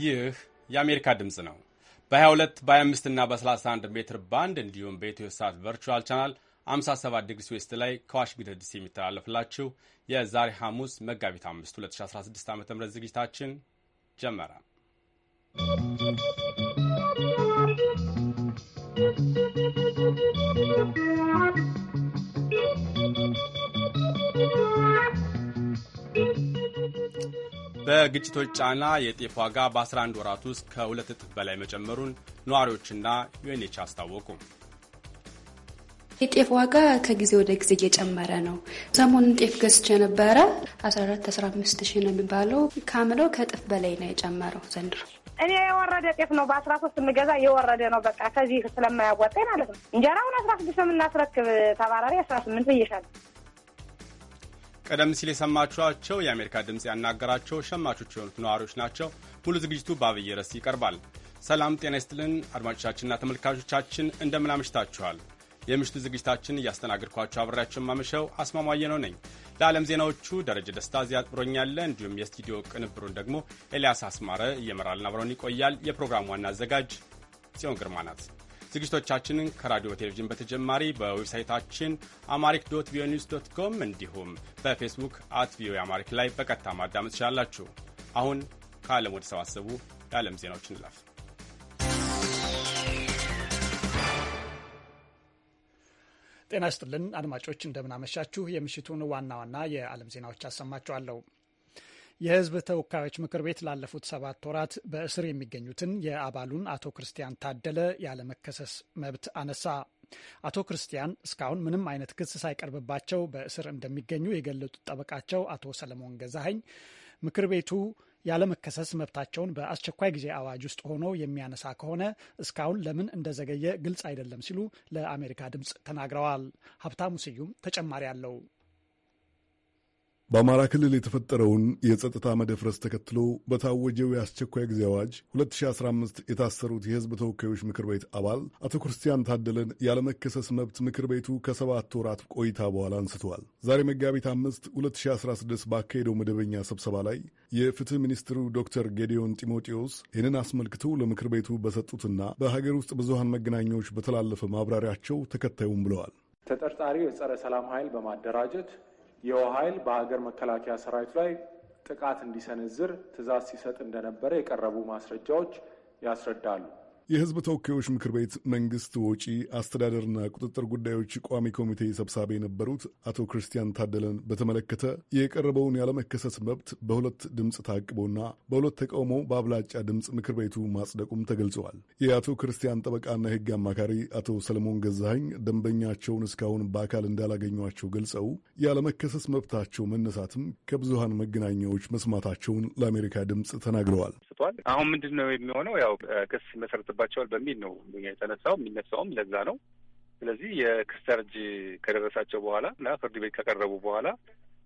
ይህ የአሜሪካ ድምፅ ነው። በ22 በ25 እና በ31 ሜትር ባንድ እንዲሁም በኢትዮ ሳት ቨርቹዋል ቻናል 57 ዲግሪ ስዌስት ላይ ከዋሽንግተን ዲሲ የሚተላለፍላችሁ የዛሬ ሐሙስ መጋቢት 5 2016 ዓ ም ዝግጅታችን ጀመረ። በግጭቶች ጫና የጤፍ ዋጋ በ11 ወራት ውስጥ ከሁለት እጥፍ በላይ መጨመሩን ነዋሪዎችና ዩኤንኤች አስታወቁ። የጤፍ ዋጋ ከጊዜ ወደ ጊዜ እየጨመረ ነው። ሰሞኑን ጤፍ ገዝቼ ነበረ 14 15 ሺህ ነው የሚባለው። ከአምናው ከእጥፍ በላይ ነው የጨመረው ዘንድሮ። እኔ የወረደ ጤፍ ነው በአስራ ሶስት የምገዛ የወረደ ነው በቃ ከዚህ ስለማያዋጣኝ ማለት ነው። እንጀራውን አስራ ስድስት ነው የምናስረክብ ተባራሪ አስራ ስምንት ብዬሻለሁ። ቀደም ሲል የሰማችኋቸው የአሜሪካ ድምፅ ያናገራቸው ሸማቾች የሆኑት ነዋሪዎች ናቸው። ሙሉ ዝግጅቱ በአብይ ርዕስ ይቀርባል። ሰላም ጤና ይስጥልን አድማጮቻችንና ተመልካቾቻችን እንደምን አምሽታችኋል? የምሽቱ ዝግጅታችን እያስተናገድኳቸው አብሬያችሁ ማመሸው አስማማየ ነው ነኝ። ለዓለም ዜናዎቹ ደረጀ ደስታ እዚያ አጥብሮኛለ፣ እንዲሁም የስቱዲዮ ቅንብሩን ደግሞ ኤልያስ አስማረ እየመራልን አብረውን ይቆያል። የፕሮግራሙ ዋና አዘጋጅ ጽዮን ግርማ ናት። ዝግጅቶቻችንን ከራዲዮ ቴሌቪዥን በተጨማሪ በዌብሳይታችን አማሪክ ዶት ቪኦኤ ኒውስ ዶት ኮም እንዲሁም በፌስቡክ አት ቪኦኤ አማሪክ ላይ በቀጥታ ማዳመጥ ትችላላችሁ። አሁን ከዓለም ወደ ሰባሰቡ የዓለም ዜናዎች እንለፍ። ጤና ይስጥልን አድማጮች፣ እንደምናመሻችሁ። የምሽቱን ዋና ዋና የዓለም ዜናዎች አሰማችኋለሁ። የሕዝብ ተወካዮች ምክር ቤት ላለፉት ሰባት ወራት በእስር የሚገኙትን የአባሉን አቶ ክርስቲያን ታደለ ያለመከሰስ መብት አነሳ። አቶ ክርስቲያን እስካሁን ምንም አይነት ክስ ሳይቀርብባቸው በእስር እንደሚገኙ የገለጡት ጠበቃቸው አቶ ሰለሞን ገዛኸኝ ምክር ቤቱ ያለመከሰስ መብታቸውን በአስቸኳይ ጊዜ አዋጅ ውስጥ ሆኖ የሚያነሳ ከሆነ እስካሁን ለምን እንደዘገየ ግልጽ አይደለም ሲሉ ለአሜሪካ ድምፅ ተናግረዋል። ሀብታሙ ስዩም ተጨማሪ አለው። በአማራ ክልል የተፈጠረውን የጸጥታ መደፍረስ ተከትሎ በታወጀው የአስቸኳይ ጊዜ አዋጅ 2015 የታሰሩት የሕዝብ ተወካዮች ምክር ቤት አባል አቶ ክርስቲያን ታደለን ያለመከሰስ መብት ምክር ቤቱ ከሰባት ወራት ቆይታ በኋላ አንስተዋል። ዛሬ መጋቢት አምስት 2016 ባካሄደው መደበኛ ስብሰባ ላይ የፍትህ ሚኒስትሩ ዶክተር ጌዲዮን ጢሞቴዎስ ይህንን አስመልክቶ ለምክር ቤቱ በሰጡትና በሀገር ውስጥ ብዙሃን መገናኛዎች በተላለፈ ማብራሪያቸው ተከታዩም ብለዋል። ተጠርጣሪው የጸረ ሰላም ኃይል በማደራጀት የውሃ ኃይል በሀገር መከላከያ ሰራዊት ላይ ጥቃት እንዲሰነዝር ትእዛዝ ሲሰጥ እንደነበረ የቀረቡ ማስረጃዎች ያስረዳሉ። የህዝብ ተወካዮች ምክር ቤት መንግስት ወጪ አስተዳደርና ቁጥጥር ጉዳዮች ቋሚ ኮሚቴ ሰብሳቢ የነበሩት አቶ ክርስቲያን ታደለን በተመለከተ የቀረበውን ያለመከሰስ መብት በሁለት ድምፅ ታቅቦና በሁለት ተቃውሞ በአብላጫ ድምፅ ምክር ቤቱ ማጽደቁም ተገልጸዋል። የአቶ ክርስቲያን ጠበቃና የሕግ አማካሪ አቶ ሰለሞን ገዛኸኝ ደንበኛቸውን እስካሁን በአካል እንዳላገኟቸው ገልጸው ያለመከሰስ መብታቸው መነሳትም ከብዙሃን መገናኛዎች መስማታቸውን ለአሜሪካ ድምፅ ተናግረዋል። አሁን ምንድን ነው የሚሆነው ያው ክስ መሰረት ይደርስባቸዋል በሚል ነው የተነሳው። የሚነሳውም ለዛ ነው። ስለዚህ የክስተርጅ ከደረሳቸው በኋላ እና ፍርድ ቤት ከቀረቡ በኋላ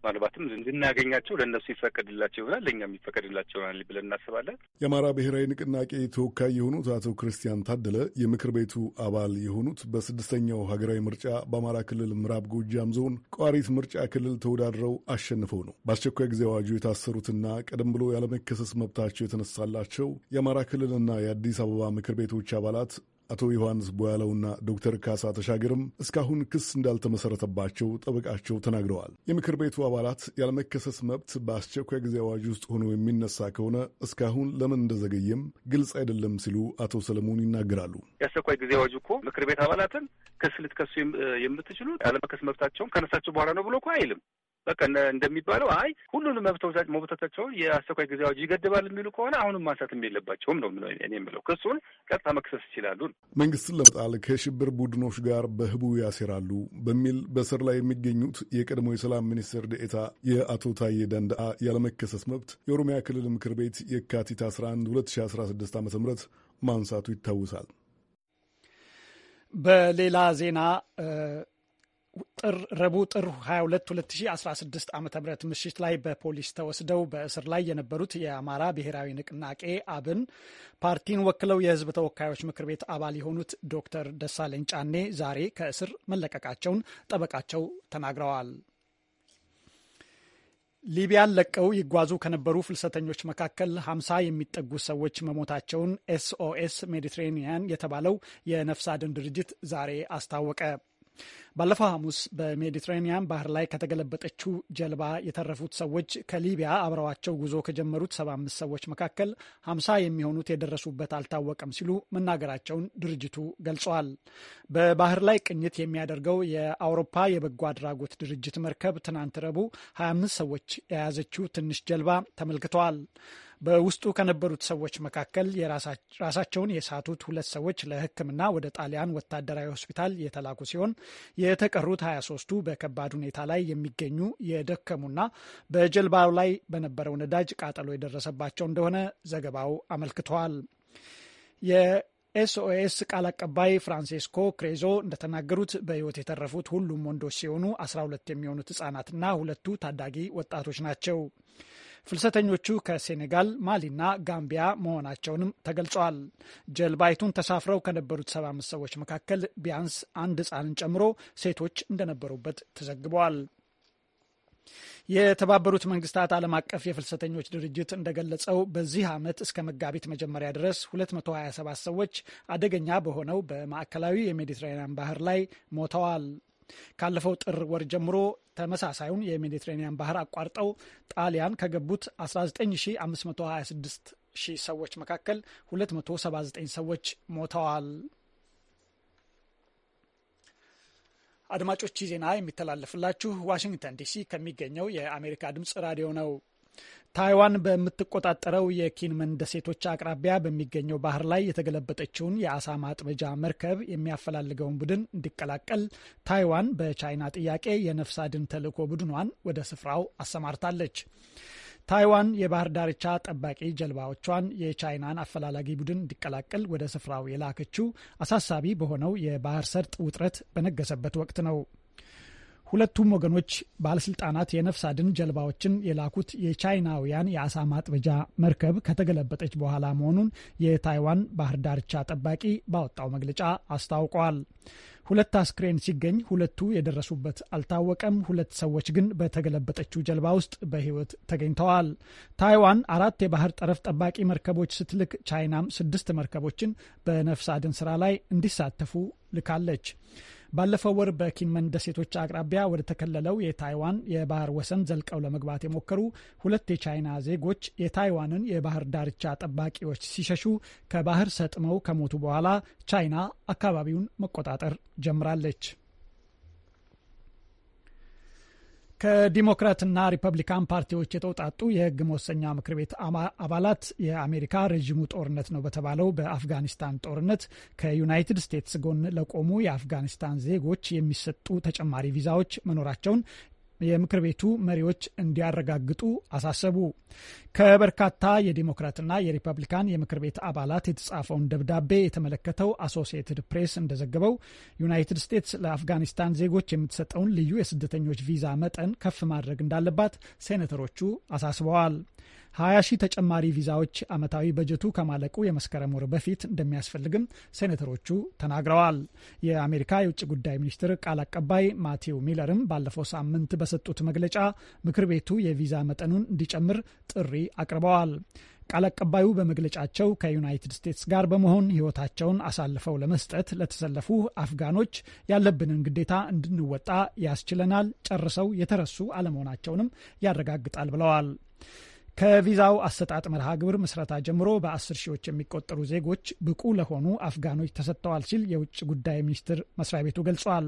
ምናልባትም እንድናገኛቸው ለእነሱ ይፈቀድላቸው ይሆናል፣ ለእኛም ይፈቀድላቸው ይሆናል ብለን እናስባለን። የአማራ ብሔራዊ ንቅናቄ ተወካይ የሆኑት አቶ ክርስቲያን ታደለ የምክር ቤቱ አባል የሆኑት በስድስተኛው ሀገራዊ ምርጫ በአማራ ክልል ምዕራብ ጎጃም ዞን ቋሪት ምርጫ ክልል ተወዳድረው አሸንፈው ነው። በአስቸኳይ ጊዜ አዋጁ የታሰሩትና ቀደም ብሎ ያለመከሰስ መብታቸው የተነሳላቸው የአማራ ክልልና የአዲስ አበባ ምክር ቤቶች አባላት አቶ ዮሐንስ ቦያለውና ዶክተር ካሳ ተሻገርም እስካሁን ክስ እንዳልተመሰረተባቸው ጠበቃቸው ተናግረዋል። የምክር ቤቱ አባላት ያለመከሰስ መብት በአስቸኳይ ጊዜ አዋጅ ውስጥ ሆኖ የሚነሳ ከሆነ እስካሁን ለምን እንደዘገየም ግልጽ አይደለም ሲሉ አቶ ሰለሞን ይናገራሉ። የአስቸኳይ ጊዜ አዋጅ እኮ ምክር ቤት አባላትን ክስ ልትከሱ የምትችሉት ያለመከሰስ መብታቸውን ከነሳቸው በኋላ ነው ብሎ እኮ አይልም። በቃ እንደሚባለው አይ ሁሉንም መብቶቻቸውን የአስቸኳይ ጊዜ አዋጅ ይገድባል የሚሉ ከሆነ አሁንም ማንሳትም የለባቸውም ነው እኔ የምለው። ክሱን ቀጥታ መክሰስ ይችላሉ። መንግስትን ለመጣል ከሽብር ቡድኖች ጋር በህቡ ያሴራሉ በሚል በስር ላይ የሚገኙት የቀድሞ የሰላም ሚኒስትር ደኤታ የአቶ ታዬ ደንደአ ያለመከሰስ መብት የኦሮሚያ ክልል ምክር ቤት የካቲት 11 2016 ዓ ም ማንሳቱ ይታወሳል። በሌላ ዜና ረቡዕ ጥር 22 2016 ዓ ም ምሽት ላይ በፖሊስ ተወስደው በእስር ላይ የነበሩት የአማራ ብሔራዊ ንቅናቄ አብን ፓርቲን ወክለው የህዝብ ተወካዮች ምክር ቤት አባል የሆኑት ዶክተር ደሳለኝ ጫኔ ዛሬ ከእስር መለቀቃቸውን ጠበቃቸው ተናግረዋል። ሊቢያን ለቀው ይጓዙ ከነበሩ ፍልሰተኞች መካከል 50 የሚጠጉ ሰዎች መሞታቸውን ኤስኦኤስ ሜዲትሬኒያን የተባለው የነፍስ አድን ድርጅት ዛሬ አስታወቀ። ባለፈው ሐሙስ በሜዲትሬኒያን ባህር ላይ ከተገለበጠችው ጀልባ የተረፉት ሰዎች ከሊቢያ አብረዋቸው ጉዞ ከጀመሩት 75 ሰዎች መካከል 50 የሚሆኑት የደረሱበት አልታወቀም ሲሉ መናገራቸውን ድርጅቱ ገልጸዋል። በባህር ላይ ቅኝት የሚያደርገው የአውሮፓ የበጎ አድራጎት ድርጅት መርከብ ትናንት ረቡዕ 25 ሰዎች የያዘችው ትንሽ ጀልባ ተመልክተዋል። በውስጡ ከነበሩት ሰዎች መካከል ራሳቸውን የሳቱት ሁለት ሰዎች ለሕክምና ወደ ጣሊያን ወታደራዊ ሆስፒታል የተላኩ ሲሆን የተቀሩት 23ቱ በከባድ ሁኔታ ላይ የሚገኙ የደከሙና በጀልባው ላይ በነበረው ነዳጅ ቃጠሎ የደረሰባቸው እንደሆነ ዘገባው አመልክተዋል። የኤስኦኤስ ቃል አቀባይ ፍራንሲስኮ ክሬዞ እንደተናገሩት በሕይወት የተረፉት ሁሉም ወንዶች ሲሆኑ 12 የሚሆኑት ህጻናትና ሁለቱ ታዳጊ ወጣቶች ናቸው። ፍልሰተኞቹ ከሴኔጋል፣ ማሊና ጋምቢያ መሆናቸውንም ተገልጸዋል። ጀልባይቱን ተሳፍረው ከነበሩት 75 ሰዎች መካከል ቢያንስ አንድ ህፃንን ጨምሮ ሴቶች እንደነበሩበት ተዘግበዋል። የተባበሩት መንግስታት ዓለም አቀፍ የፍልሰተኞች ድርጅት እንደገለጸው በዚህ ዓመት እስከ መጋቢት መጀመሪያ ድረስ 227 ሰዎች አደገኛ በሆነው በማዕከላዊ የሜዲትራኒያን ባህር ላይ ሞተዋል። ካለፈው ጥር ወር ጀምሮ ተመሳሳዩን የሜዲትሬኒያን ባህር አቋርጠው ጣሊያን ከገቡት 19526 ሰዎች መካከል 279 ሰዎች ሞተዋል። አድማጮች ዜና የሚተላለፍላችሁ ዋሽንግተን ዲሲ ከሚገኘው የአሜሪካ ድምፅ ራዲዮ ነው። ታይዋን በምትቆጣጠረው የኪንመን ደሴቶች አቅራቢያ በሚገኘው ባህር ላይ የተገለበጠችውን የአሳ ማጥመጃ መርከብ የሚያፈላልገውን ቡድን እንዲቀላቀል ታይዋን በቻይና ጥያቄ የነፍስ አድን ተልዕኮ ቡድኗን ወደ ስፍራው አሰማርታለች። ታይዋን የባህር ዳርቻ ጠባቂ ጀልባዎቿን የቻይናን አፈላላጊ ቡድን እንዲቀላቀል ወደ ስፍራው የላከችው አሳሳቢ በሆነው የባህር ሰርጥ ውጥረት በነገሰበት ወቅት ነው። ሁለቱም ወገኖች ባለስልጣናት የነፍስ አድን ጀልባዎችን የላኩት የቻይናውያን የአሳ ማጥበጃ መርከብ ከተገለበጠች በኋላ መሆኑን የታይዋን ባህር ዳርቻ ጠባቂ ባወጣው መግለጫ አስታውቀዋል። ሁለት አስክሬን ሲገኝ ሁለቱ የደረሱበት አልታወቀም። ሁለት ሰዎች ግን በተገለበጠችው ጀልባ ውስጥ በሕይወት ተገኝተዋል። ታይዋን አራት የባህር ጠረፍ ጠባቂ መርከቦች ስትልክ ቻይናም ስድስት መርከቦችን በነፍስ አድን ስራ ላይ እንዲሳተፉ ልካለች። ባለፈው ወር በኪንመን ደሴቶች አቅራቢያ ወደ ተከለለው የታይዋን የባህር ወሰን ዘልቀው ለመግባት የሞከሩ ሁለት የቻይና ዜጎች የታይዋንን የባህር ዳርቻ ጠባቂዎች ሲሸሹ ከባህር ሰጥመው ከሞቱ በኋላ ቻይና አካባቢውን መቆጣጠር ጀምራለች። ከዲሞክራትና ሪፐብሊካን ፓርቲዎች የተውጣጡ የህግ መወሰኛ ምክር ቤት አባላት የአሜሪካ ረዥሙ ጦርነት ነው በተባለው በአፍጋኒስታን ጦርነት ከዩናይትድ ስቴትስ ጎን ለቆሙ የአፍጋኒስታን ዜጎች የሚሰጡ ተጨማሪ ቪዛዎች መኖራቸውን የምክር ቤቱ መሪዎች እንዲያረጋግጡ አሳሰቡ። ከበርካታ የዲሞክራትና የሪፐብሊካን የምክር ቤት አባላት የተጻፈውን ደብዳቤ የተመለከተው አሶሲየትድ ፕሬስ እንደዘገበው ዩናይትድ ስቴትስ ለአፍጋኒስታን ዜጎች የምትሰጠውን ልዩ የስደተኞች ቪዛ መጠን ከፍ ማድረግ እንዳለባት ሴኔተሮቹ አሳስበዋል። 20 ሺህ ተጨማሪ ቪዛዎች አመታዊ በጀቱ ከማለቁ የመስከረም ወር በፊት እንደሚያስፈልግም ሴኔተሮቹ ተናግረዋል። የአሜሪካ የውጭ ጉዳይ ሚኒስትር ቃል አቀባይ ማቴው ሚለርም ባለፈው ሳምንት በሰጡት መግለጫ ምክር ቤቱ የቪዛ መጠኑን እንዲጨምር ጥሪ አቅርበዋል። ቃል አቀባዩ በመግለጫቸው ከዩናይትድ ስቴትስ ጋር በመሆን ሕይወታቸውን አሳልፈው ለመስጠት ለተሰለፉ አፍጋኖች ያለብንን ግዴታ እንድንወጣ ያስችለናል፣ ጨርሰው የተረሱ አለመሆናቸውንም ያረጋግጣል ብለዋል። ከቪዛው አሰጣጥ መርሃ ግብር ምስረታ ጀምሮ በአስር ሺዎች የሚቆጠሩ ዜጎች ብቁ ለሆኑ አፍጋኖች ተሰጥተዋል ሲል የውጭ ጉዳይ ሚኒስቴር መስሪያ ቤቱ ገልጿል።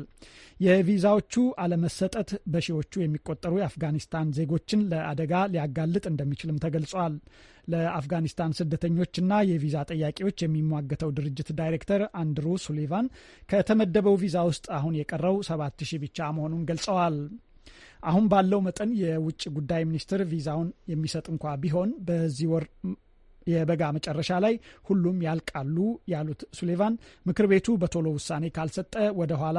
የቪዛዎቹ አለመሰጠት በሺዎቹ የሚቆጠሩ የአፍጋኒስታን ዜጎችን ለአደጋ ሊያጋልጥ እንደሚችልም ተገልጿል። ለአፍጋኒስታን ስደተኞችና የቪዛ ጠያቂዎች የሚሟገተው ድርጅት ዳይሬክተር አንድሩ ሱሊቫን ከተመደበው ቪዛ ውስጥ አሁን የቀረው ሰባት ሺህ ብቻ መሆኑን ገልጸዋል። አሁን ባለው መጠን የውጭ ጉዳይ ሚኒስትር ቪዛውን የሚሰጥ እንኳ ቢሆን በዚህ ወር የበጋ መጨረሻ ላይ ሁሉም ያልቃሉ ያሉት ሱሌቫን ምክር ቤቱ በቶሎ ውሳኔ ካልሰጠ ወደ ኋላ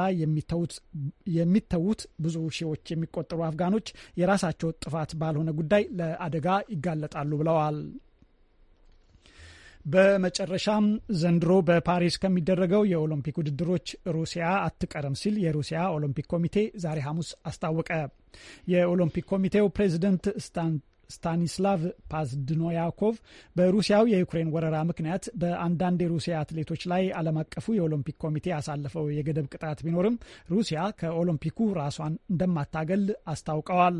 የሚተዉት ብዙ ሺዎች የሚቆጠሩ አፍጋኖች የራሳቸው ጥፋት ባልሆነ ጉዳይ ለአደጋ ይጋለጣሉ ብለዋል። በመጨረሻም ዘንድሮ በፓሪስ ከሚደረገው የኦሎምፒክ ውድድሮች ሩሲያ አትቀርም ሲል የሩሲያ ኦሎምፒክ ኮሚቴ ዛሬ ሐሙስ አስታወቀ። የኦሎምፒክ ኮሚቴው ፕሬዚደንት ስታን ስታኒስላቭ ፓዝድኖያኮቭ በሩሲያው የዩክሬን ወረራ ምክንያት በአንዳንድ የሩሲያ አትሌቶች ላይ ዓለም አቀፉ የኦሎምፒክ ኮሚቴ ያሳለፈው የገደብ ቅጣት ቢኖርም ሩሲያ ከኦሎምፒኩ ራሷን እንደማታገል አስታውቀዋል።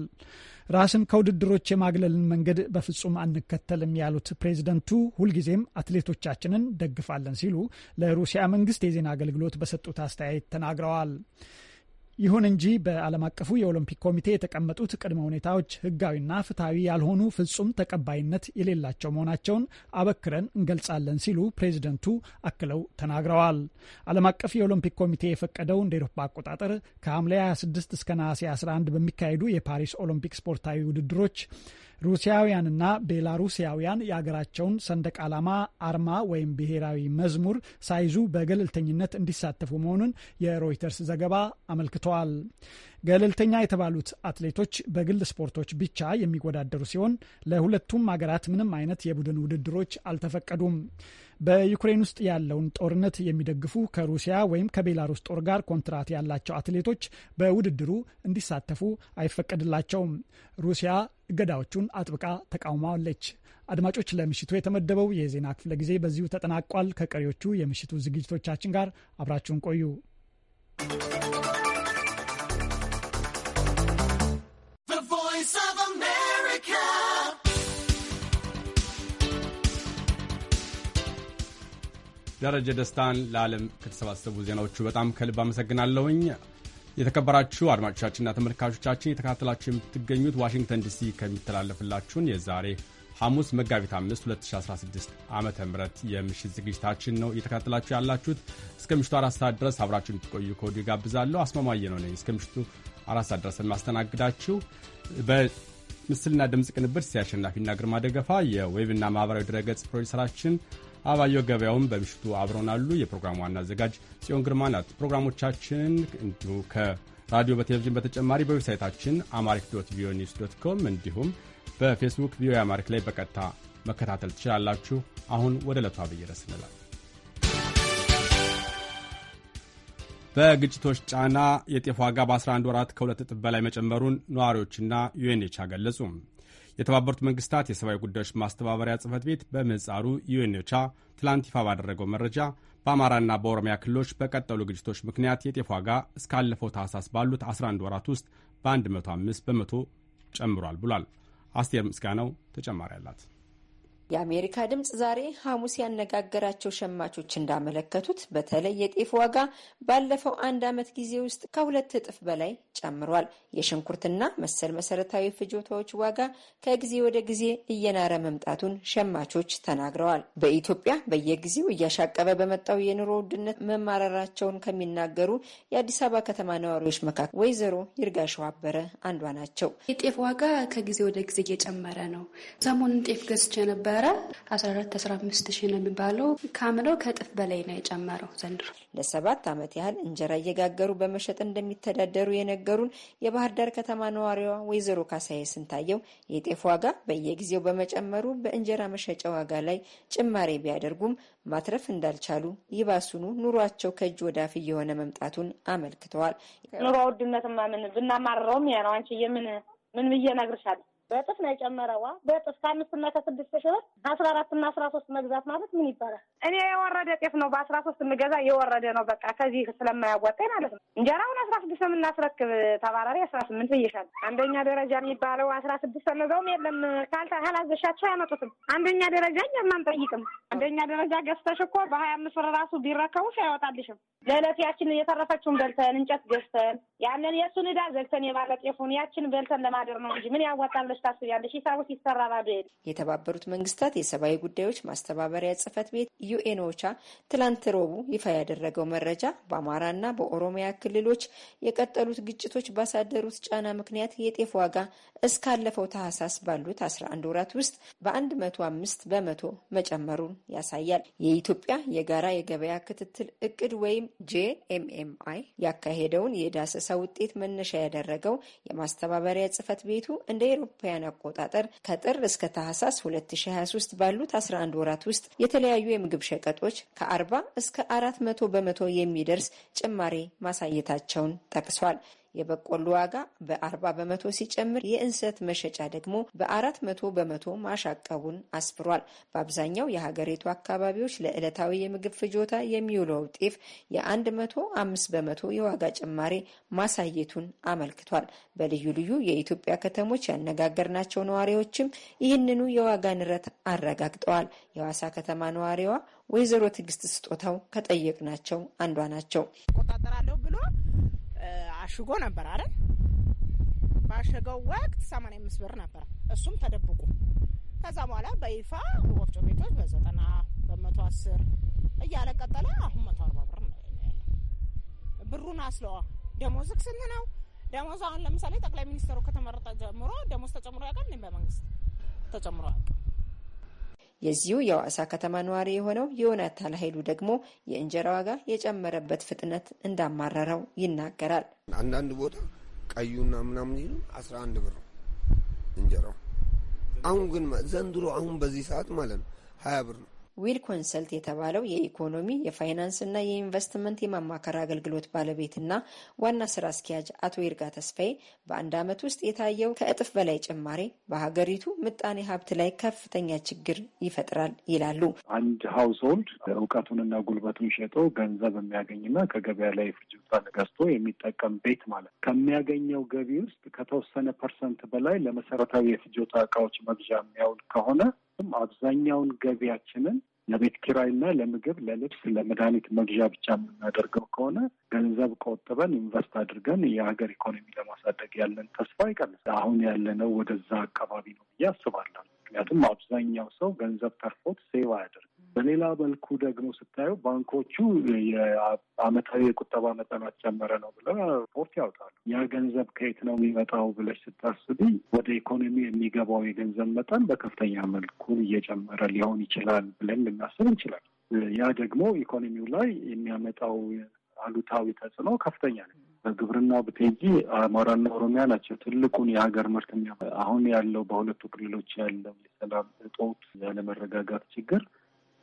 ራስን ከውድድሮች የማግለልን መንገድ በፍጹም አንከተልም ያሉት ፕሬዚደንቱ ሁልጊዜም አትሌቶቻችንን ደግፋለን ሲሉ ለሩሲያ መንግስት የዜና አገልግሎት በሰጡት አስተያየት ተናግረዋል። ይሁን እንጂ በዓለም አቀፉ የኦሎምፒክ ኮሚቴ የተቀመጡት ቅድመ ሁኔታዎች ህጋዊና ፍትሐዊ ያልሆኑ ፍጹም ተቀባይነት የሌላቸው መሆናቸውን አበክረን እንገልጻለን ሲሉ ፕሬዚደንቱ አክለው ተናግረዋል። ዓለም አቀፍ የኦሎምፒክ ኮሚቴ የፈቀደው እንደ ኤሮፓ አቆጣጠር ከሐምሌ 26 እስከ ነሐሴ 11 በሚካሄዱ የፓሪስ ኦሎምፒክ ስፖርታዊ ውድድሮች ሩሲያውያንና ቤላሩሲያውያን የአገራቸውን ሰንደቅ ዓላማ አርማ ወይም ብሔራዊ መዝሙር ሳይዙ በገለልተኝነት እንዲሳተፉ መሆኑን የሮይተርስ ዘገባ አመልክተዋል። ገለልተኛ የተባሉት አትሌቶች በግል ስፖርቶች ብቻ የሚወዳደሩ ሲሆን ለሁለቱም ሀገራት ምንም አይነት የቡድን ውድድሮች አልተፈቀዱም። በዩክሬን ውስጥ ያለውን ጦርነት የሚደግፉ ከሩሲያ ወይም ከቤላሩስ ጦር ጋር ኮንትራት ያላቸው አትሌቶች በውድድሩ እንዲሳተፉ አይፈቀድላቸውም። ሩሲያ እገዳዎቹን አጥብቃ ተቃውማለች። አድማጮች፣ ለምሽቱ የተመደበው የዜና ክፍለ ጊዜ በዚሁ ተጠናቋል። ከቀሪዎቹ የምሽቱ ዝግጅቶቻችን ጋር አብራችሁን ቆዩ። ደረጀ ደስታን ለዓለም ከተሰባሰቡ ዜናዎቹ በጣም ከልብ አመሰግናለሁኝ። የተከበራችሁ አድማጮቻችንና ተመልካቾቻችን የተከታተላችሁ የምትገኙት ዋሽንግተን ዲሲ ከሚተላለፍላችሁን የዛሬ ሐሙስ መጋቢት 5 2016 ዓ ም የምሽት ዝግጅታችን ነው እየተከታተላችሁ ያላችሁት። እስከ ምሽቱ አራት ሰዓት ድረስ አብራችሁ እንድትቆዩ ከወዲሁ ጋብዛለሁ። አስማማየ ነው ነኝ። እስከ ምሽቱ አራት ሰዓት ድረስ የማስተናግዳችሁ በምስልና ድምፅ ቅንብር ሲያሸናፊና ግርማ ደገፋ፣ የዌብና ማኅበራዊ ድረገጽ ፕሮዲሰራችን አባየሁ ገበያውም በምሽቱ አብረውናሉ። የፕሮግራሙ ዋና አዘጋጅ ጽዮን ግርማ ናት። ፕሮግራሞቻችንን እንዲሁ ከራዲዮ በቴሌቪዥን በተጨማሪ በዌብሳይታችን አማሪክ ዶት ቪኦኤ ኒውስ ዶት ኮም እንዲሁም በፌስቡክ ቪኦኤ አማሪክ ላይ በቀጥታ መከታተል ትችላላችሁ። አሁን ወደ ዕለቱ አብይ ርዕስ እንላለን። በግጭቶች ጫና የጤፍ ዋጋ በ11 ወራት ከሁለት እጥፍ በላይ መጨመሩን ነዋሪዎችና ዩኤንኤችሲአር ገለጹ። የተባበሩት መንግስታት የሰብአዊ ጉዳዮች ማስተባበሪያ ጽህፈት ቤት በምህጻሩ ዩኤንኦቻ ትላንት ይፋ ባደረገው መረጃ በአማራና በኦሮሚያ ክልሎች በቀጠሉ ግጭቶች ምክንያት የጤፍ ዋጋ እስካለፈው ታህሳስ ባሉት 11 ወራት ውስጥ በ105 በመቶ ጨምሯል ብሏል። አስቴር ምስጋናው ተጨማሪ አላት። የአሜሪካ ድምፅ ዛሬ ሐሙስ ያነጋገራቸው ሸማቾች እንዳመለከቱት በተለይ የጤፍ ዋጋ ባለፈው አንድ ዓመት ጊዜ ውስጥ ከሁለት እጥፍ በላይ ጨምሯል። የሽንኩርትና መሰል መሰረታዊ ፍጆታዎች ዋጋ ከጊዜ ወደ ጊዜ እየናረ መምጣቱን ሸማቾች ተናግረዋል። በኢትዮጵያ በየጊዜው እያሻቀበ በመጣው የኑሮ ውድነት መማረራቸውን ከሚናገሩ የአዲስ አበባ ከተማ ነዋሪዎች መካከል ወይዘሮ ይርጋሸው አበረ አንዷ ናቸው። የጤፍ ዋጋ ከጊዜ ወደ ጊዜ እየጨመረ ነው። ሰሞኑን ጤፍ ገዝቼ ነበር ነበረ። 14 15 ሺህ ነው የሚባለው። ካምለው ከእጥፍ በላይ ነው የጨመረው ዘንድሮ። ለሰባት ዓመት ያህል እንጀራ እየጋገሩ በመሸጥ እንደሚተዳደሩ የነገሩን የባህር ዳር ከተማ ነዋሪዋ ወይዘሮ ካሳዬ ስንታየው የጤፍ ዋጋ በየጊዜው በመጨመሩ በእንጀራ መሸጫ ዋጋ ላይ ጭማሬ ቢያደርጉም ማትረፍ እንዳልቻሉ ይባሱኑ ኑሯቸው ከእጅ ወዳፍ እየሆነ መምጣቱን አመልክተዋል። ኑሮ ውድነት ምን ብናማረውም ያ ነው። አንቺ የምን ምን ብዬ እነግርሻለሁ በእጥፍ ነው የጨመረዋ። በእጥፍ ከአምስትና ከስድስት ሺህ ብር አስራ አራትና አስራ ሶስት መግዛት ማለት ምን ይባላል? እኔ የወረደ ጤፍ ነው በአስራ ሶስት የምገዛ የወረደ ነው በቃ ከዚህ ስለማያዋጣኝ ማለት ነው። እንጀራውን አስራ ስድስት የምናስረክብ ተባራሪ አስራ ስምንት ብይሻል። አንደኛ ደረጃ የሚባለው አስራ ስድስት ሰለዛውም የለም ካልተ ካላዘሻቸው አያመጡትም። አንደኛ ደረጃ እኛም አንጠይቅም። አንደኛ ደረጃ ገዝተሽ እኮ በሀያ አምስት ብር ራሱ ቢረከቡሽ አይወጣልሽም። ለዕለት ያችን የተረፈችውን በልተን እንጨት ገዝተን ያንን የእሱን እዳ ዘግተን የባለ ጤፉን ያችን በልተን ለማደር ነው እንጂ ምን ያዋጣለ ብለሽ ታስቢያለሽ? ሂሳቡ ሲሰራ ባዶ የለም። የተባበሩት መንግስታት የሰብአዊ ጉዳዮች ማስተባበሪያ ጽህፈት ቤት ዩኤን ኦቻ ትላንት ረቡዕ ይፋ ያደረገው መረጃ በአማራና በኦሮሚያ ክልሎች የቀጠሉት ግጭቶች ባሳደሩት ጫና ምክንያት የጤፍ ዋጋ እስካለፈው ታህሳስ ባሉት 11 ወራት ውስጥ በ105 በመቶ መጨመሩን ያሳያል። የኢትዮጵያ የጋራ የገበያ ክትትል እቅድ ወይም ጄኤምኤምአይ ያካሄደውን የዳሰሳ ውጤት መነሻ ያደረገው የማስተባበሪያ ጽህፈት ቤቱ እንደ ኤሮፓ አውሮፓውያን አቆጣጠር ከጥር እስከ ታህሳስ 2023 ባሉት 11 ወራት ውስጥ የተለያዩ የምግብ ሸቀጦች ከ40 እስከ 400 በመቶ የሚደርስ ጭማሪ ማሳየታቸውን ጠቅሷል። የበቆሎ ዋጋ በ40 በመቶ ሲጨምር የእንሰት መሸጫ ደግሞ በአራት መቶ በመቶ ማሻቀቡን አስፍሯል። በአብዛኛው የሀገሪቱ አካባቢዎች ለዕለታዊ የምግብ ፍጆታ የሚውለው ጤፍ የ105 በመቶ የዋጋ ጭማሬ ማሳየቱን አመልክቷል። በልዩ ልዩ የኢትዮጵያ ከተሞች ያነጋገርናቸው ነዋሪዎችም ይህንኑ የዋጋ ንረት አረጋግጠዋል። የዋሳ ከተማ ነዋሪዋ ወይዘሮ ትዕግስት ስጦታው ከጠየቅናቸው አንዷ ናቸው። ቆጣጠራለሁ ብሎ አሽጎ ነበር አይደል? ባሸገው ወቅት 85 ብር ነበር። እሱም ተደብቆ ከዛ በኋላ በይፋ ወፍጮ ቤቶች በዘጠና በመቶ አስር እያለ ቀጠለ። አሁን መቶ አርባ ብር ነው ያለው። ብሩን አስለዋ ደሞዝክ ስንት ነው? ደሞዝ አሁን ለምሳሌ ጠቅላይ ሚኒስትሩ ከተመረጠ ጀምሮ ደሞዝ ተጨምሮ ያውቃል? በመንግስት ተጨምሮ ያውቃል የዚሁ የሐዋሳ ከተማ ነዋሪ የሆነው ዮናታን ኃይሉ ደግሞ የእንጀራ ዋጋ የጨመረበት ፍጥነት እንዳማረረው ይናገራል። አንዳንድ ቦታ ቀዩና ምናምን ይሉ አስራ አንድ ብር ነው እንጀራው። አሁን ግን ዘንድሮ አሁን በዚህ ሰዓት ማለት ነው ሀያ ብር ነው ዊል ኮንሰልት የተባለው የኢኮኖሚ የፋይናንስና የኢንቨስትመንት የማማከር አገልግሎት ባለቤትና ዋና ስራ አስኪያጅ አቶ ይርጋ ተስፋዬ በአንድ ዓመት ውስጥ የታየው ከእጥፍ በላይ ጭማሬ በሀገሪቱ ምጣኔ ሀብት ላይ ከፍተኛ ችግር ይፈጥራል ይላሉ። አንድ ሀውስሆልድ እውቀቱንና ጉልበቱን ሸጦ ገንዘብ የሚያገኝና ከገበያ ላይ ፍጆታ ገዝቶ የሚጠቀም ቤት ማለት ከሚያገኘው ገቢ ውስጥ ከተወሰነ ፐርሰንት በላይ ለመሰረታዊ የፍጆታ እቃዎች መግዣ የሚያውል ከሆነ ምክንያቱም አብዛኛውን ገቢያችንን ለቤት ኪራይና ለምግብ፣ ለልብስ፣ ለመድኃኒት መግዣ ብቻ የምናደርገው ከሆነ ገንዘብ ቆጥበን ኢንቨስት አድርገን የሀገር ኢኮኖሚ ለማሳደግ ያለን ተስፋ ይቀንሳል። አሁን ያለነው ወደዛ አካባቢ ነው ብዬ አስባለሁ። ምክንያቱም አብዛኛው ሰው ገንዘብ ተርፎት ሴቭ አያደርግም። በሌላ መልኩ ደግሞ ስታየው ባንኮቹ የአመታዊ የቁጠባ መጠን ጨመረ ነው ብለው ሪፖርት ያውጣሉ። ያ ገንዘብ ከየት ነው የሚመጣው ብለሽ ስታስቢ ወደ ኢኮኖሚ የሚገባው የገንዘብ መጠን በከፍተኛ መልኩ እየጨመረ ሊሆን ይችላል ብለን ልናስብ እንችላለን። ያ ደግሞ ኢኮኖሚው ላይ የሚያመጣው አሉታዊ ተጽዕኖ ከፍተኛ ነው። በግብርናው ብትሄጂ አማራና ኦሮሚያ ናቸው ትልቁን የሀገር ምርት የሚያ አሁን ያለው በሁለቱ ክልሎች ያለው የሰላም እጦት ያለመረጋጋት ችግር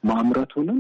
ማምረቱንም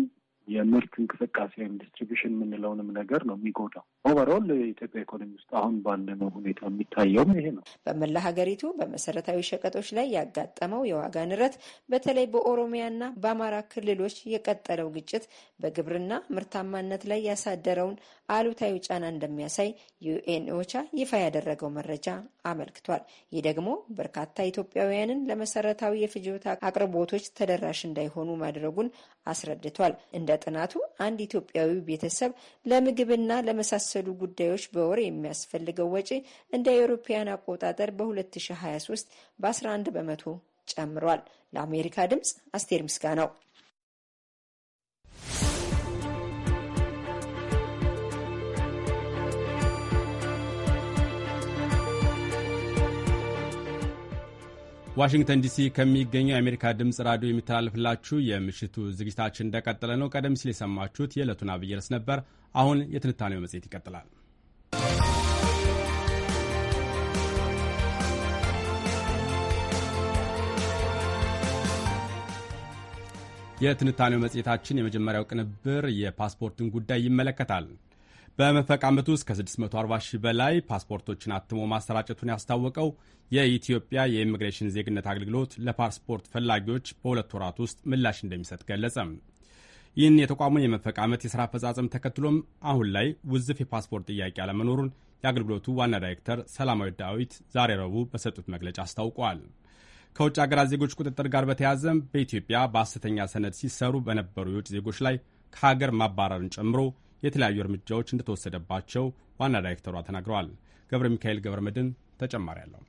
የምርት እንቅስቃሴ ወይም ዲስትሪቢሽን የምንለውንም ነገር ነው የሚጎዳው። ኦቨርኦል የኢትዮጵያ ኢኮኖሚ ውስጥ አሁን ባለነው ሁኔታ የሚታየውም ይሄ ነው። በመላ ሀገሪቱ በመሰረታዊ ሸቀጦች ላይ ያጋጠመው የዋጋ ንረት በተለይ በኦሮሚያና በአማራ ክልሎች የቀጠለው ግጭት በግብርና ምርታማነት ላይ ያሳደረውን አሉታዊ ጫና እንደሚያሳይ ዩኤን ኦቻ ይፋ ያደረገው መረጃ አመልክቷል። ይህ ደግሞ በርካታ ኢትዮጵያውያንን ለመሰረታዊ የፍጆታ አቅርቦቶች ተደራሽ እንዳይሆኑ ማድረጉን አስረድቷል። እንደ ጥናቱ አንድ ኢትዮጵያዊ ቤተሰብ ለምግብና ለመሳሰሉ ጉዳዮች በወር የሚያስፈልገው ወጪ እንደ አውሮፓውያን አቆጣጠር በ2023 በ11 በመቶ ጨምሯል። ለአሜሪካ ድምፅ አስቴር ምስጋናው ዋሽንግተን ዲሲ ከሚገኘው የአሜሪካ ድምፅ ራዲዮ የሚተላለፍላችሁ የምሽቱ ዝግጅታችን እንደቀጠለ ነው። ቀደም ሲል የሰማችሁት የዕለቱን አብይ ርዕስ ነበር። አሁን የትንታኔው መጽሔት ይቀጥላል። የትንታኔው መጽሔታችን የመጀመሪያው ቅንብር የፓስፖርትን ጉዳይ ይመለከታል። በመፈቅ ዓመት እስከ 640 ሺህ በላይ ፓስፖርቶችን አትሞ ማሰራጨቱን ያስታወቀው የኢትዮጵያ የኢሚግሬሽን ዜግነት አገልግሎት ለፓስፖርት ፈላጊዎች በሁለት ወራት ውስጥ ምላሽ እንደሚሰጥ ገለጸ። ይህን የተቋሙን የመፈቅ ዓመት የሥራ አፈጻጸም ተከትሎም አሁን ላይ ውዝፍ የፓስፖርት ጥያቄ አለመኖሩን የአገልግሎቱ ዋና ዳይሬክተር ሰላማዊ ዳዊት ዛሬ ረቡዕ በሰጡት መግለጫ አስታውቋል። ከውጭ አገራት ዜጎች ቁጥጥር ጋር በተያያዘም በኢትዮጵያ በሐሰተኛ ሰነድ ሲሰሩ በነበሩ የውጭ ዜጎች ላይ ከሀገር ማባረርን ጨምሮ የተለያዩ እርምጃዎች እንደተወሰደባቸው ዋና ዳይሬክተሯ ተናግረዋል። ገብረ ሚካኤል ገብረ መድን ተጨማሪ አለው።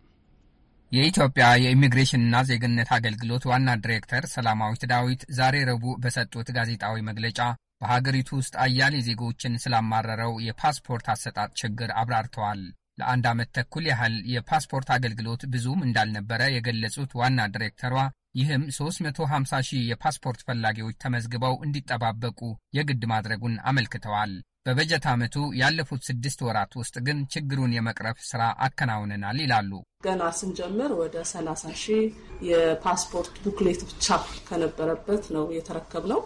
የኢትዮጵያ የኢሚግሬሽንና ዜግነት አገልግሎት ዋና ዲሬክተር ሰላማዊት ዳዊት ዛሬ ረቡዕ በሰጡት ጋዜጣዊ መግለጫ በሀገሪቱ ውስጥ አያሌ ዜጎችን ስላማረረው የፓስፖርት አሰጣጥ ችግር አብራርተዋል። ለአንድ ዓመት ተኩል ያህል የፓስፖርት አገልግሎት ብዙም እንዳልነበረ የገለጹት ዋና ዲሬክተሯ ይህም 350 ሺህ የፓስፖርት ፈላጊዎች ተመዝግበው እንዲጠባበቁ የግድ ማድረጉን አመልክተዋል። በበጀት ዓመቱ ያለፉት ስድስት ወራት ውስጥ ግን ችግሩን የመቅረፍ ስራ አከናውነናል ይላሉ። ገና ስንጀምር ወደ 30 ሺህ የፓስፖርት ቡክሌት ብቻ ከነበረበት ነው የተረከብ ነው።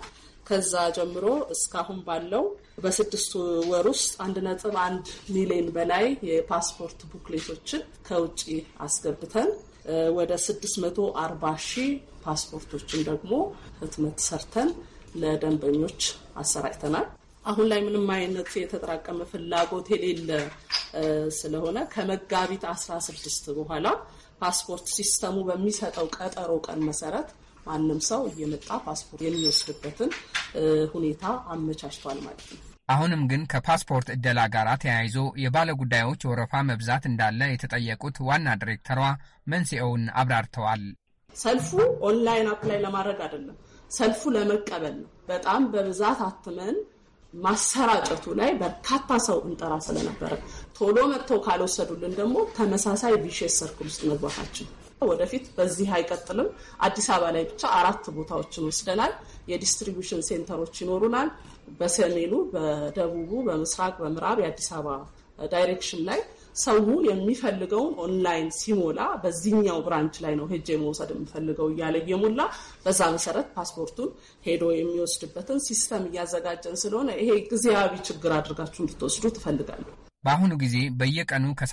ከዛ ጀምሮ እስካሁን ባለው በስድስቱ ወር ውስጥ አንድ ነጥብ አንድ ሚሊዮን በላይ የፓስፖርት ቡክሌቶችን ከውጭ አስገብተን ወደ 640 ሺህ ፓስፖርቶችን ደግሞ ህትመት ሰርተን ለደንበኞች አሰራጭተናል። አሁን ላይ ምንም አይነት የተጠራቀመ ፍላጎት የሌለ ስለሆነ ከመጋቢት 16 በኋላ ፓስፖርት ሲስተሙ በሚሰጠው ቀጠሮ ቀን መሰረት ማንም ሰው እየመጣ ፓስፖርት የሚወስድበትን ሁኔታ አመቻችቷል ማለት ነው። አሁንም ግን ከፓስፖርት እደላ ጋር ተያይዞ የባለ ጉዳዮች ወረፋ መብዛት እንዳለ የተጠየቁት ዋና ዲሬክተሯ መንስኤውን አብራርተዋል። ሰልፉ ኦንላይን አፕላይ ለማድረግ አይደለም፣ ሰልፉ ለመቀበል ነው። በጣም በብዛት አትመን ማሰራጨቱ ላይ በርካታ ሰው እንጠራ ስለነበረ ቶሎ መጥተው ካልወሰዱልን ደግሞ ተመሳሳይ ቢሼ ሰርክል ውስጥ መግባታችን ወደፊት በዚህ አይቀጥልም። አዲስ አበባ ላይ ብቻ አራት ቦታዎችን ወስደናል። የዲስትሪቢሽን ሴንተሮች ይኖሩናል። በሰሜኑ፣ በደቡቡ፣ በምስራቅ፣ በምዕራብ የአዲስ አበባ ዳይሬክሽን ላይ ሰው የሚፈልገውን ኦንላይን ሲሞላ በዚህኛው ብራንች ላይ ነው ሄጄ መውሰድ የምፈልገው እያለ እየሞላ በዛ መሰረት ፓስፖርቱን ሄዶ የሚወስድበትን ሲስተም እያዘጋጀን ስለሆነ ይሄ ጊዜያዊ ችግር አድርጋችሁ እንድትወስዱ ትፈልጋለሁ። በአሁኑ ጊዜ በየቀኑ ከ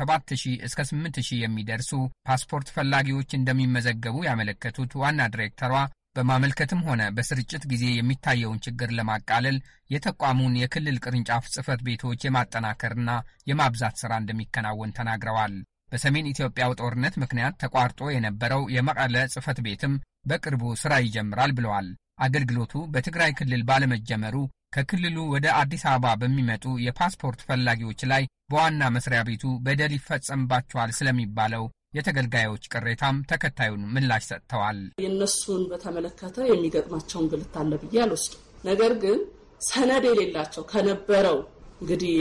ሺህ እስከ 8 የሚደርሱ ፓስፖርት ፈላጊዎች እንደሚመዘገቡ ያመለከቱት ዋና ዲሬክተሯ በማመልከትም ሆነ በስርጭት ጊዜ የሚታየውን ችግር ለማቃለል የተቋሙን የክልል ቅርንጫፍ ጽህፈት ቤቶች የማጠናከርና የማብዛት ሥራ እንደሚከናወን ተናግረዋል። በሰሜን ኢትዮጵያው ጦርነት ምክንያት ተቋርጦ የነበረው የመቀለ ጽህፈት ቤትም በቅርቡ ሥራ ይጀምራል ብለዋል። አገልግሎቱ በትግራይ ክልል ባለመጀመሩ ከክልሉ ወደ አዲስ አበባ በሚመጡ የፓስፖርት ፈላጊዎች ላይ በዋና መስሪያ ቤቱ በደል ይፈጸምባቸዋል ስለሚባለው የተገልጋዮች ቅሬታም ተከታዩን ምላሽ ሰጥተዋል። የእነሱን በተመለከተ የሚገጥማቸውን ግልት አለ ብዬ አልወስድም። ነገር ግን ሰነድ የሌላቸው ከነበረው እንግዲህ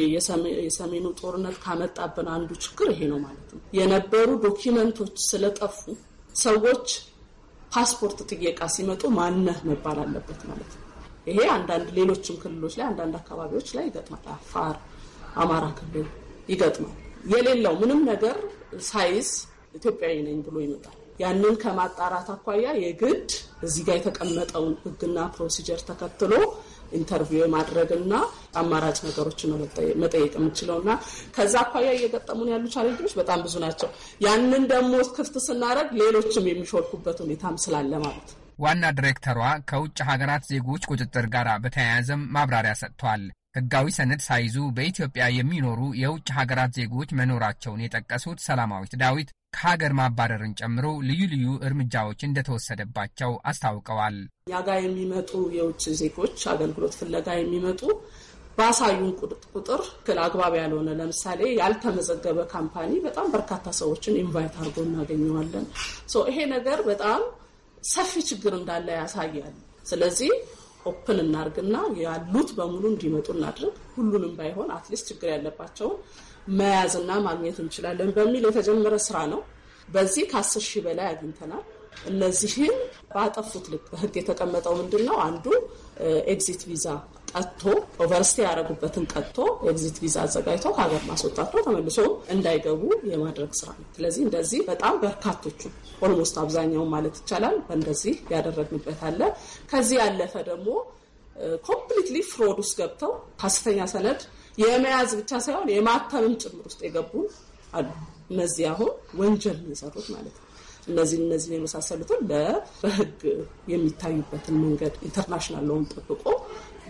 የሰሜኑ ጦርነት ካመጣብን አንዱ ችግር ይሄ ነው ማለት ነው። የነበሩ ዶኪመንቶች ስለጠፉ ሰዎች ፓስፖርት ጥየቃ ሲመጡ ማነህ መባል አለበት ማለት ነው። ይሄ አንዳንድ ሌሎችም ክልሎች ላይ አንዳንድ አካባቢዎች ላይ ይገጥማል። አፋር፣ አማራ ክልል ይገጥማል። የሌለው ምንም ነገር ሳይዝ ኢትዮጵያዊ ነኝ ብሎ ይመጣል። ያንን ከማጣራት አኳያ የግድ እዚህ ጋር የተቀመጠውን ህግና ፕሮሲጀር ተከትሎ ኢንተርቪው የማድረግና አማራጭ ነገሮችን ነው መጠየቅ የምችለው እና ከዛ አኳያ እየገጠሙን ያሉ ቻሌንጆች በጣም ብዙ ናቸው። ያንን ደግሞ ክፍት ስናደርግ ሌሎችም የሚሾልኩበት ሁኔታም ስላለ ማለት ነው። ዋና ዲሬክተሯ ከውጭ ሀገራት ዜጎች ቁጥጥር ጋር በተያያዘም ማብራሪያ ሰጥተዋል። ህጋዊ ሰነድ ሳይዙ በኢትዮጵያ የሚኖሩ የውጭ ሀገራት ዜጎች መኖራቸውን የጠቀሱት ሰላማዊት ዳዊት ከሀገር ማባረርን ጨምሮ ልዩ ልዩ እርምጃዎች እንደተወሰደባቸው አስታውቀዋል። ያጋ የሚመጡ የውጭ ዜጎች አገልግሎት ፍለጋ የሚመጡ ባሳዩን ቁጥር ክል አግባብ ያልሆነ ለምሳሌ ያልተመዘገበ ካምፓኒ በጣም በርካታ ሰዎችን ኢንቫይት አድርጎ እናገኘዋለን። ይሄ ነገር በጣም ሰፊ ችግር እንዳለ ያሳያል። ስለዚህ ኦፕን እናርግና ያሉት በሙሉ እንዲመጡ እናድርግ። ሁሉንም ባይሆን አትሊስት ችግር ያለባቸውን መያዝና ማግኘት እንችላለን በሚል የተጀመረ ስራ ነው። በዚህ ከአስር ሺህ በላይ አግኝተናል። እነዚህን ባጠፉት ልክ በህግ የተቀመጠው ምንድን ነው? አንዱ ኤግዚት ቪዛ ቀጥቶ ኦቨርስቲ ያደረጉበትን ቀጥቶ ኤግዚት ቪዛ አዘጋጅቶ ከሀገር ማስወጣት ነው፣ ተመልሶ እንዳይገቡ የማድረግ ስራ ነው። ስለዚህ እንደዚህ በጣም በርካቶቹ ኦልሞስት አብዛኛውን ማለት ይቻላል በእንደዚህ ያደረግንበት አለ። ከዚህ ያለፈ ደግሞ ኮምፕሊትሊ ፍሮድ ውስጥ ገብተው ሀሰተኛ ሰነድ የመያዝ ብቻ ሳይሆን የማተምም ጭምር ውስጥ የገቡ አሉ። እነዚህ አሁን ወንጀል የሰሩት ማለት ነው። እነዚህ እነዚህ የመሳሰሉትን በህግ የሚታዩበትን መንገድ ኢንተርናሽናል ሎውን ጠብቆ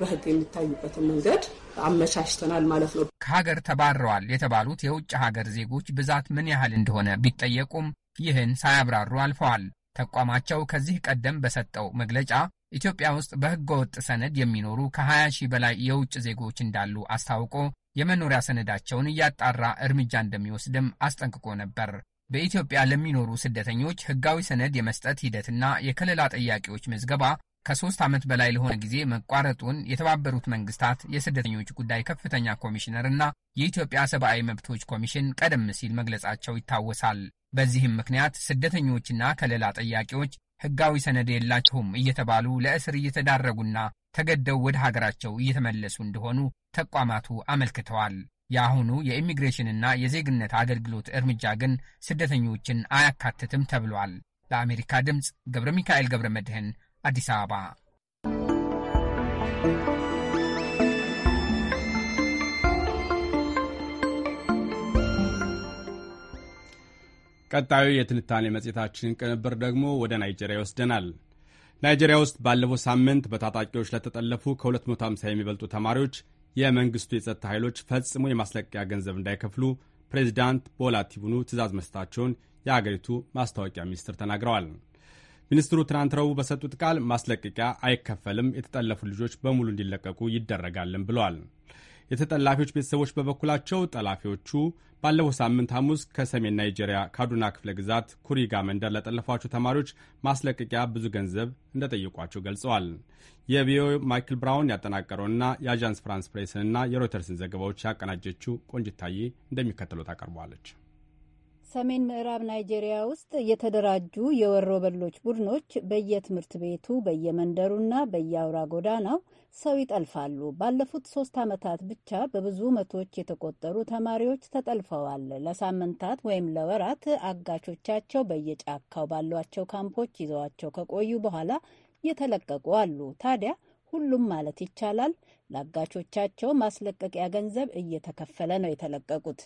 በህግ የሚታዩበትን መንገድ አመቻችተናል ማለት ነው። ከሀገር ተባረዋል የተባሉት የውጭ ሀገር ዜጎች ብዛት ምን ያህል እንደሆነ ቢጠየቁም ይህን ሳያብራሩ አልፈዋል። ተቋማቸው ከዚህ ቀደም በሰጠው መግለጫ ኢትዮጵያ ውስጥ በሕገ ወጥ ሰነድ የሚኖሩ ከ20 ሺህ በላይ የውጭ ዜጎች እንዳሉ አስታውቆ የመኖሪያ ሰነዳቸውን እያጣራ እርምጃ እንደሚወስድም አስጠንቅቆ ነበር። በኢትዮጵያ ለሚኖሩ ስደተኞች ሕጋዊ ሰነድ የመስጠት ሂደትና የከለላ ጥያቄዎች ምዝገባ ከሶስት ዓመት በላይ ለሆነ ጊዜ መቋረጡን የተባበሩት መንግስታት የስደተኞች ጉዳይ ከፍተኛ ኮሚሽነር እና የኢትዮጵያ ሰብአዊ መብቶች ኮሚሽን ቀደም ሲል መግለጻቸው ይታወሳል። በዚህም ምክንያት ስደተኞችና ከለላ ጠያቂዎች ህጋዊ ሰነድ የላቸውም እየተባሉ ለእስር እየተዳረጉና ተገደው ወደ ሀገራቸው እየተመለሱ እንደሆኑ ተቋማቱ አመልክተዋል። የአሁኑ የኢሚግሬሽንና የዜግነት አገልግሎት እርምጃ ግን ስደተኞችን አያካትትም ተብሏል። ለአሜሪካ ድምፅ ገብረ ሚካኤል ገብረ መድህን አዲስ አበባ ቀጣዩ የትንታኔ መጽሔታችንን ቅንብር ደግሞ ወደ ናይጄሪያ ይወስደናል። ናይጄሪያ ውስጥ ባለፈው ሳምንት በታጣቂዎች ለተጠለፉ ከ250 የሚበልጡ ተማሪዎች የመንግስቱ የጸጥታ ኃይሎች ፈጽሞ የማስለቀቂያ ገንዘብ እንዳይከፍሉ ፕሬዚዳንት ቦላ ቲኑቡ ትዕዛዝ መስጠታቸውን የአገሪቱ ማስታወቂያ ሚኒስትር ተናግረዋል። ሚኒስትሩ ትናንት ረቡዕ በሰጡት ቃል ማስለቀቂያ አይከፈልም፣ የተጠለፉ ልጆች በሙሉ እንዲለቀቁ ይደረጋልን ብለዋል። የተጠላፊዎች ቤተሰቦች በበኩላቸው ጠላፊዎቹ ባለፈው ሳምንት ሐሙስ ከሰሜን ናይጄሪያ ካዱና ክፍለ ግዛት ኩሪጋ መንደር ለጠለፏቸው ተማሪዎች ማስለቀቂያ ብዙ ገንዘብ እንደጠየቋቸው ገልጸዋል። የቪኦኤ ማይክል ብራውን ያጠናቀረውና የአዣንስ ፍራንስ ፕሬስንና የሮይተርስን ዘገባዎች ያቀናጀችው ቆንጅታዬ እንደሚከተለው ታቀርበዋለች። ሰሜን ምዕራብ ናይጄሪያ ውስጥ የተደራጁ የወሮበሎች ቡድኖች በየትምህርት ቤቱ በየመንደሩና በየአውራ ጎዳናው ሰው ይጠልፋሉ። ባለፉት ሶስት ዓመታት ብቻ በብዙ መቶዎች የተቆጠሩ ተማሪዎች ተጠልፈዋል። ለሳምንታት ወይም ለወራት አጋቾቻቸው በየጫካው ባሏቸው ካምፖች ይዘዋቸው ከቆዩ በኋላ የተለቀቁ አሉ። ታዲያ ሁሉም ማለት ይቻላል ለአጋቾቻቸው ማስለቀቂያ ገንዘብ እየተከፈለ ነው የተለቀቁት።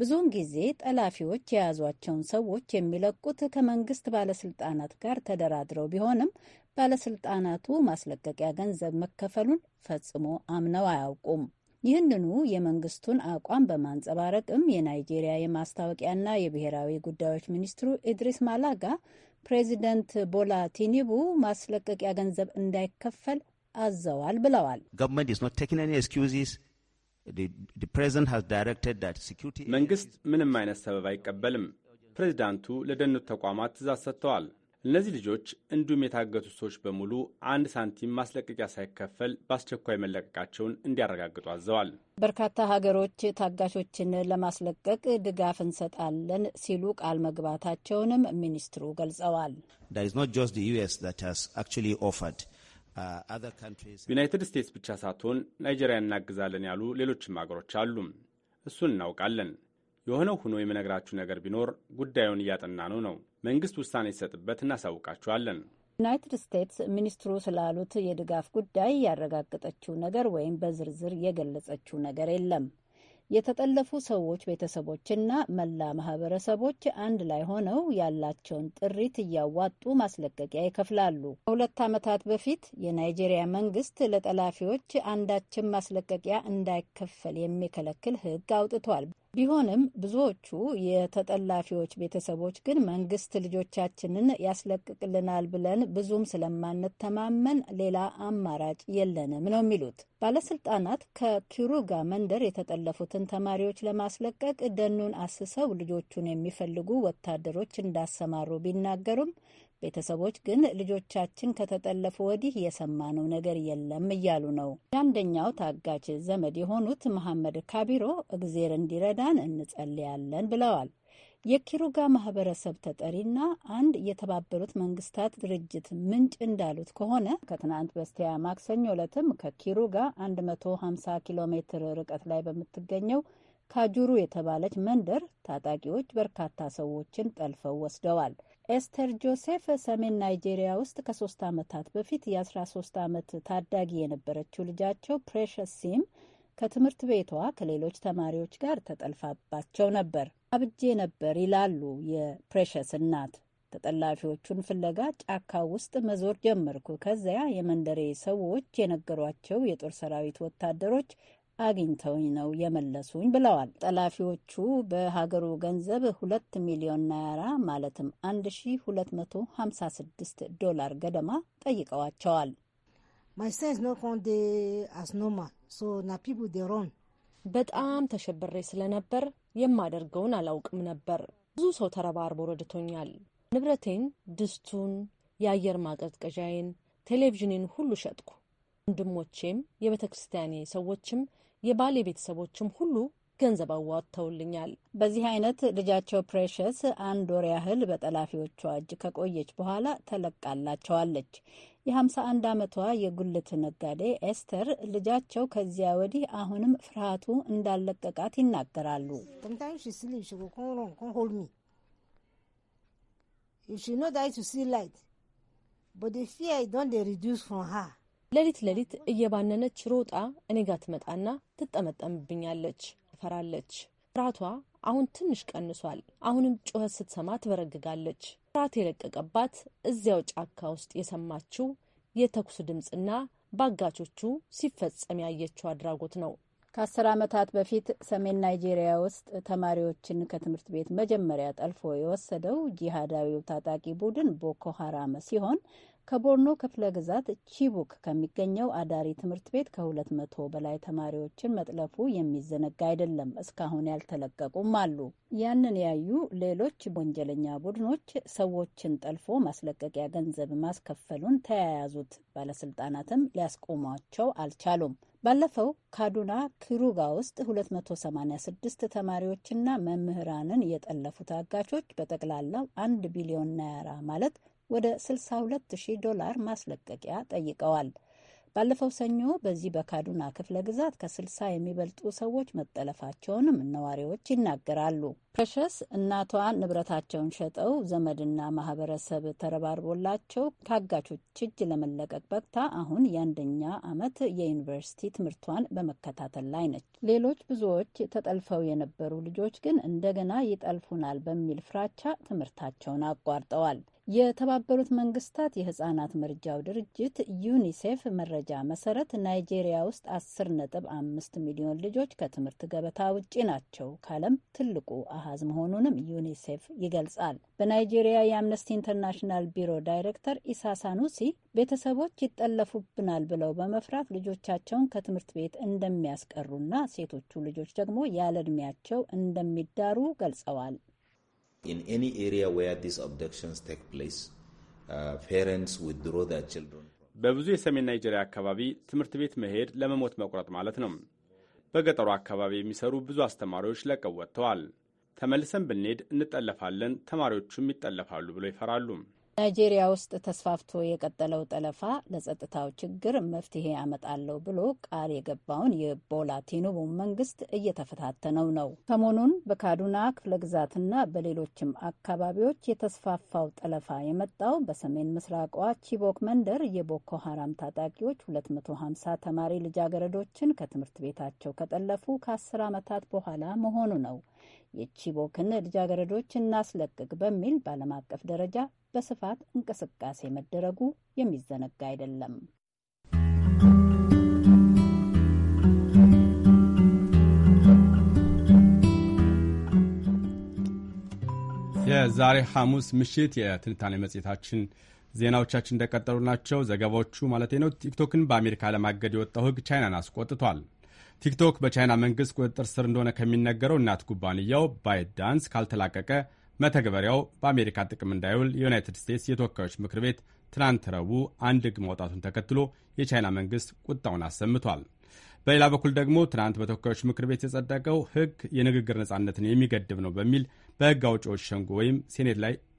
ብዙውን ጊዜ ጠላፊዎች የያዟቸውን ሰዎች የሚለቁት ከመንግስት ባለስልጣናት ጋር ተደራድረው ቢሆንም ባለስልጣናቱ ማስለቀቂያ ገንዘብ መከፈሉን ፈጽሞ አምነው አያውቁም። ይህንኑ የመንግስቱን አቋም በማንጸባረቅም የናይጄሪያ የማስታወቂያና የብሔራዊ ጉዳዮች ሚኒስትሩ ኢድሪስ ማላጋ ፕሬዚደንት ቦላ ቲኒቡ ማስለቀቂያ ገንዘብ እንዳይከፈል አዘዋል ብለዋል። መንግስት ምንም አይነት ሰበብ አይቀበልም። ፕሬዚዳንቱ ለደህንነት ተቋማት ትእዛዝ ሰጥተዋል። እነዚህ ልጆች እንዲሁም የታገቱ ሰዎች በሙሉ አንድ ሳንቲም ማስለቀቂያ ሳይከፈል በአስቸኳይ መለቀቃቸውን እንዲያረጋግጡ አዘዋል። በርካታ ሀገሮች ታጋቾችን ለማስለቀቅ ድጋፍ እንሰጣለን ሲሉ ቃል መግባታቸውንም ሚኒስትሩ ገልጸዋል። ዩናይትድ ስቴትስ ብቻ ሳትሆን ናይጄሪያ እናግዛለን ያሉ ሌሎችም አገሮች አሉ። እሱን እናውቃለን። የሆነው ሆኖ የምነግራችሁ ነገር ቢኖር ጉዳዩን እያጠና ነው ነው መንግስት ውሳኔ ሲሰጥበት እናሳውቃችኋለን። ዩናይትድ ስቴትስ ሚኒስትሩ ስላሉት የድጋፍ ጉዳይ ያረጋገጠችው ነገር ወይም በዝርዝር የገለጸችው ነገር የለም። የተጠለፉ ሰዎች ቤተሰቦችና መላ ማህበረሰቦች አንድ ላይ ሆነው ያላቸውን ጥሪት እያዋጡ ማስለቀቂያ ይከፍላሉ። ከሁለት ዓመታት በፊት የናይጄሪያ መንግስት ለጠላፊዎች አንዳችም ማስለቀቂያ እንዳይከፈል የሚከለክል ሕግ አውጥቷል። ቢሆንም ብዙዎቹ የተጠላፊዎች ቤተሰቦች ግን መንግስት ልጆቻችንን ያስለቅቅልናል ብለን ብዙም ስለማንተማመን ሌላ አማራጭ የለንም ነው የሚሉት። ባለስልጣናት ከኪሩጋ መንደር የተጠለፉትን ተማሪዎች ለማስለቀቅ ደኑን አስሰው ልጆቹን የሚፈልጉ ወታደሮች እንዳሰማሩ ቢናገሩም ቤተሰቦች ግን ልጆቻችን ከተጠለፉ ወዲህ የሰማነው ነገር የለም እያሉ ነው። የአንደኛው ታጋች ዘመድ የሆኑት መሐመድ ካቢሮ እግዜር እንዲረዳን እንጸልያለን ብለዋል። የኪሩጋ ማህበረሰብ ተጠሪና አንድ የተባበሩት መንግስታት ድርጅት ምንጭ እንዳሉት ከሆነ ከትናንት በስቲያ ማክሰኞ ዕለትም ከኪሩጋ 150 ኪሎ ሜትር ርቀት ላይ በምትገኘው ካጁሩ የተባለች መንደር ታጣቂዎች በርካታ ሰዎችን ጠልፈው ወስደዋል። ኤስተር ጆሴፍ ሰሜን ናይጄሪያ ውስጥ ከሶስት ዓመታት በፊት የ13 ዓመት ታዳጊ የነበረችው ልጃቸው ፕሬሸስ ሲም ከትምህርት ቤቷ ከሌሎች ተማሪዎች ጋር ተጠልፋባቸው ነበር። አብጄ ነበር ይላሉ የፕሬሸስ እናት። ተጠላፊዎቹን ፍለጋ ጫካ ውስጥ መዞር ጀመርኩ። ከዚያ የመንደሬ ሰዎች የነገሯቸው የጦር ሰራዊት ወታደሮች አግኝተውኝ ነው የመለሱኝ ብለዋል። ጠላፊዎቹ በሀገሩ ገንዘብ ሁለት ሚሊዮን ናያራ ማለትም ሺ ስድስት ዶላር ገደማ ጠይቀዋቸዋል። በጣም ተሸብሬ ስለነበር የማደርገውን አላውቅም ነበር። ብዙ ሰው ተረባርቦ ረድቶኛል። ንብረቴን፣ ድስቱን፣ የአየር ማቀዝቀዣዬን፣ ቴሌቪዥኔን ሁሉ ሸጥኩ። ወንድሞቼም የቤተ ክርስቲያኔ ሰዎችም የባሌ ቤተሰቦችም ሁሉ ገንዘብ አዋጥተውልኛል። በዚህ አይነት ልጃቸው ፕሬሸስ አንድ ወር ያህል በጠላፊዎቿ እጅ ከቆየች በኋላ ተለቃላቸዋለች። የ51 ዓመቷ የጉልት ነጋዴ ኤስተር ልጃቸው ከዚያ ወዲህ አሁንም ፍርሃቱ እንዳለቀቃት ይናገራሉ። ሲ ላይት ሌሊት ሌሊት እየባነነች ሮጣ እኔ ጋር ትመጣና ትጠመጠምብኛለች። ትፈራለች። ፍርሃቷ አሁን ትንሽ ቀንሷል። አሁንም ጩኸት ስትሰማ ትበረግጋለች። ፍርሃት የለቀቀባት እዚያው ጫካ ውስጥ የሰማችው የተኩስ ድምፅና ባጋቾቹ ሲፈጸም ያየችው አድራጎት ነው። ከአስር ዓመታት በፊት ሰሜን ናይጄሪያ ውስጥ ተማሪዎችን ከትምህርት ቤት መጀመሪያ ጠልፎ የወሰደው ጂሃዳዊው ታጣቂ ቡድን ቦኮ ሀራም ሲሆን ከቦርኖ ክፍለ ግዛት ቺቡክ ከሚገኘው አዳሪ ትምህርት ቤት ከሁለት መቶ በላይ ተማሪዎችን መጥለፉ የሚዘነጋ አይደለም። እስካሁን ያልተለቀቁም አሉ። ያንን ያዩ ሌሎች ወንጀለኛ ቡድኖች ሰዎችን ጠልፎ ማስለቀቂያ ገንዘብ ማስከፈሉን ተያያዙት። ባለስልጣናትም ሊያስቆሟቸው አልቻሉም። ባለፈው ካዱና ኪሩጋ ውስጥ 286 ተማሪዎችና መምህራንን የጠለፉት አጋቾች በጠቅላላው አንድ ቢሊዮን ናያራ ማለት ወደ 62000 ዶላር ማስለቀቂያ ጠይቀዋል። ባለፈው ሰኞ በዚህ በካዱና ክፍለ ግዛት ከ60 የሚበልጡ ሰዎች መጠለፋቸውንም ነዋሪዎች ይናገራሉ። ፕሬሸስ እናቷ ንብረታቸውን ሸጠው ዘመድና ማህበረሰብ ተረባርቦላቸው ከአጋቾች እጅ ለመለቀቅ በቅታ አሁን የአንደኛ ዓመት የዩኒቨርሲቲ ትምህርቷን በመከታተል ላይ ነች። ሌሎች ብዙዎች ተጠልፈው የነበሩ ልጆች ግን እንደገና ይጠልፉናል በሚል ፍራቻ ትምህርታቸውን አቋርጠዋል። የተባበሩት መንግስታት የህጻናት መርጃው ድርጅት ዩኒሴፍ መረጃ መሰረት ናይጄሪያ ውስጥ አስር ነጥብ አምስት ሚሊዮን ልጆች ከትምህርት ገበታ ውጪ ናቸው ካለም ትልቁ አሃዝ መሆኑንም ዩኒሴፍ ይገልጻል። በናይጄሪያ የአምነስቲ ኢንተርናሽናል ቢሮ ዳይሬክተር ኢሳ ሳኑሲ ቤተሰቦች ይጠለፉብናል ብለው በመፍራት ልጆቻቸውን ከትምህርት ቤት እንደሚያስቀሩና ሴቶቹ ልጆች ደግሞ ያለ እድሜያቸው እንደሚዳሩ ገልጸዋል። in any area where these abductions take place, uh, parents withdraw their children. በብዙ የሰሜን ናይጄሪያ አካባቢ ትምህርት ቤት መሄድ ለመሞት መቁረጥ ማለት ነው። በገጠሩ አካባቢ የሚሰሩ ብዙ አስተማሪዎች ለቀው ወጥተዋል። ተመልሰን ብንሄድ እንጠለፋለን፣ ተማሪዎቹም ይጠለፋሉ ብለው ይፈራሉ። ናይጄሪያ ውስጥ ተስፋፍቶ የቀጠለው ጠለፋ ለጸጥታው ችግር መፍትሄ ያመጣለው ብሎ ቃል የገባውን የቦላ ቲኑቡ መንግስት እየተፈታተነው ነው። ሰሞኑን በካዱና ክፍለ ግዛትና በሌሎችም አካባቢዎች የተስፋፋው ጠለፋ የመጣው በሰሜን ምስራቋ ቺቦክ መንደር የቦኮ ሀራም ታጣቂዎች 250 ተማሪ ልጃገረዶችን ከትምህርት ቤታቸው ከጠለፉ ከአስር ዓመታት በኋላ መሆኑ ነው። የቺቦክን ልጃገረዶች እናስለቅቅ በሚል በዓለም አቀፍ ደረጃ በስፋት እንቅስቃሴ መደረጉ የሚዘነጋ አይደለም። የዛሬ ሐሙስ ምሽት የትንታኔ መጽሔታችን ዜናዎቻችን እንደቀጠሉ ናቸው። ዘገባዎቹ ማለት ነው። ቲክቶክን በአሜሪካ ለማገድ የወጣው ሕግ ቻይናን አስቆጥቷል። ቲክቶክ በቻይና መንግስት ቁጥጥር ስር እንደሆነ ከሚነገረው እናት ኩባንያው ባይት ዳንስ ካልተላቀቀ መተግበሪያው በአሜሪካ ጥቅም እንዳይውል የዩናይትድ ስቴትስ የተወካዮች ምክር ቤት ትናንት ረቡዕ አንድ ሕግ ማውጣቱን ተከትሎ የቻይና መንግሥት ቁጣውን አሰምቷል። በሌላ በኩል ደግሞ ትናንት በተወካዮች ምክር ቤት የጸደቀው ሕግ የንግግር ነጻነትን የሚገድብ ነው በሚል በሕግ አውጪዎች ሸንጎ ወይም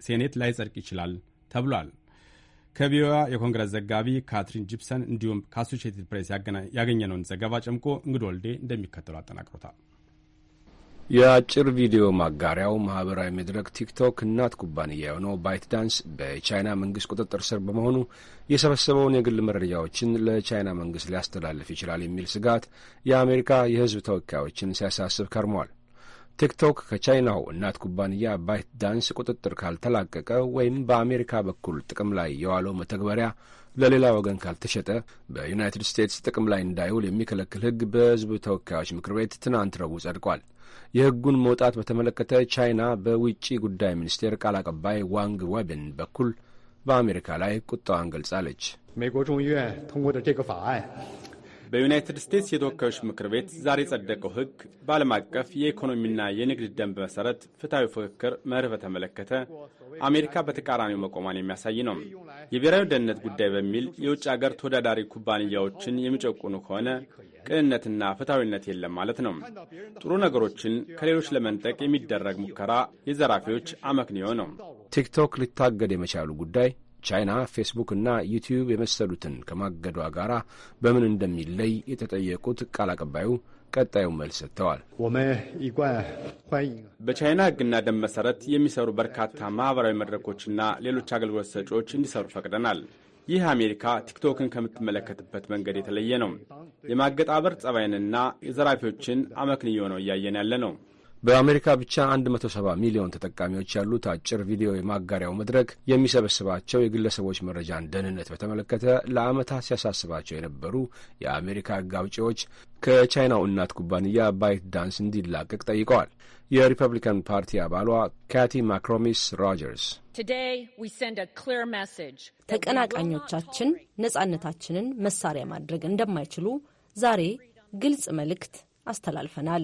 ሴኔት ላይጸድቅ ይችላል ተብሏል። ከቪኦኤ የኮንግረስ ዘጋቢ ካትሪን ጂፕሰን እንዲሁም ከአሶሺየትድ ፕሬስ ያገኘነውን ዘገባ ጨምቆ እንግዶ ወልዴ እንደሚከተሉ አጠናቅሮታል። የአጭር ቪዲዮ ማጋሪያው ማህበራዊ መድረክ ቲክቶክ እናት ኩባንያ የሆነው ባይት ዳንስ በቻይና መንግስት ቁጥጥር ስር በመሆኑ የሰበሰበውን የግል መረጃዎችን ለቻይና መንግስት ሊያስተላልፍ ይችላል የሚል ስጋት የአሜሪካ የህዝብ ተወካዮችን ሲያሳስብ ከርሟል። ቲክቶክ ከቻይናው እናት ኩባንያ ባይት ዳንስ ቁጥጥር ካልተላቀቀ ወይም በአሜሪካ በኩል ጥቅም ላይ የዋለው መተግበሪያ ለሌላ ወገን ካልተሸጠ በዩናይትድ ስቴትስ ጥቅም ላይ እንዳይውል የሚከለክል ሕግ በሕዝብ ተወካዮች ምክር ቤት ትናንት ረቡዕ ጸድቋል። የሕጉን መውጣት በተመለከተ ቻይና በውጭ ጉዳይ ሚኒስቴር ቃል አቀባይ ዋንግ ወብን በኩል በአሜሪካ ላይ ቁጣዋን ገልጻለች። በዩናይትድ ስቴትስ የተወካዮች ምክር ቤት ዛሬ የጸደቀው ሕግ በዓለም አቀፍ የኢኮኖሚና የንግድ ደንብ መሠረት ፍትሐዊ ፍክክር መርህ በተመለከተ አሜሪካ በተቃራኒው መቆሟን የሚያሳይ ነው። የብሔራዊ ደህንነት ጉዳይ በሚል የውጭ አገር ተወዳዳሪ ኩባንያዎችን የሚጨቁኑ ከሆነ ቅንነትና ፍትሐዊነት የለም ማለት ነው። ጥሩ ነገሮችን ከሌሎች ለመንጠቅ የሚደረግ ሙከራ የዘራፊዎች አመክንዮ ነው። ቲክቶክ ሊታገድ የመቻሉ ጉዳይ ቻይና ፌስቡክ እና ዩቲዩብ የመሰሉትን ከማገዷ ጋር በምን እንደሚለይ የተጠየቁት ቃል አቀባዩ ቀጣዩን መልስ ሰጥተዋል። በቻይና ሕግና ደንብ መሰረት የሚሰሩ በርካታ ማህበራዊ መድረኮችና ሌሎች አገልግሎት ሰጪዎች እንዲሰሩ ፈቅደናል። ይህ አሜሪካ ቲክቶክን ከምትመለከትበት መንገድ የተለየ ነው። የማገጣበር ጸባይንና የዘራፊዎችን አመክንዮ ነው እያየን ያለ ነው። በአሜሪካ ብቻ 170 ሚሊዮን ተጠቃሚዎች ያሉት አጭር ቪዲዮ የማጋሪያው መድረክ የሚሰበስባቸው የግለሰቦች መረጃን ደህንነት በተመለከተ ለዓመታት ሲያሳስባቸው የነበሩ የአሜሪካ ሕግ አውጪዎች ከቻይናው እናት ኩባንያ ባይት ዳንስ እንዲላቀቅ ጠይቀዋል። የሪፐብሊካን ፓርቲ አባሏ ካቲ ማክሮሚስ ሮጀርስ ተቀናቃኞቻችን ነጻነታችንን መሳሪያ ማድረግ እንደማይችሉ ዛሬ ግልጽ መልእክት አስተላልፈናል።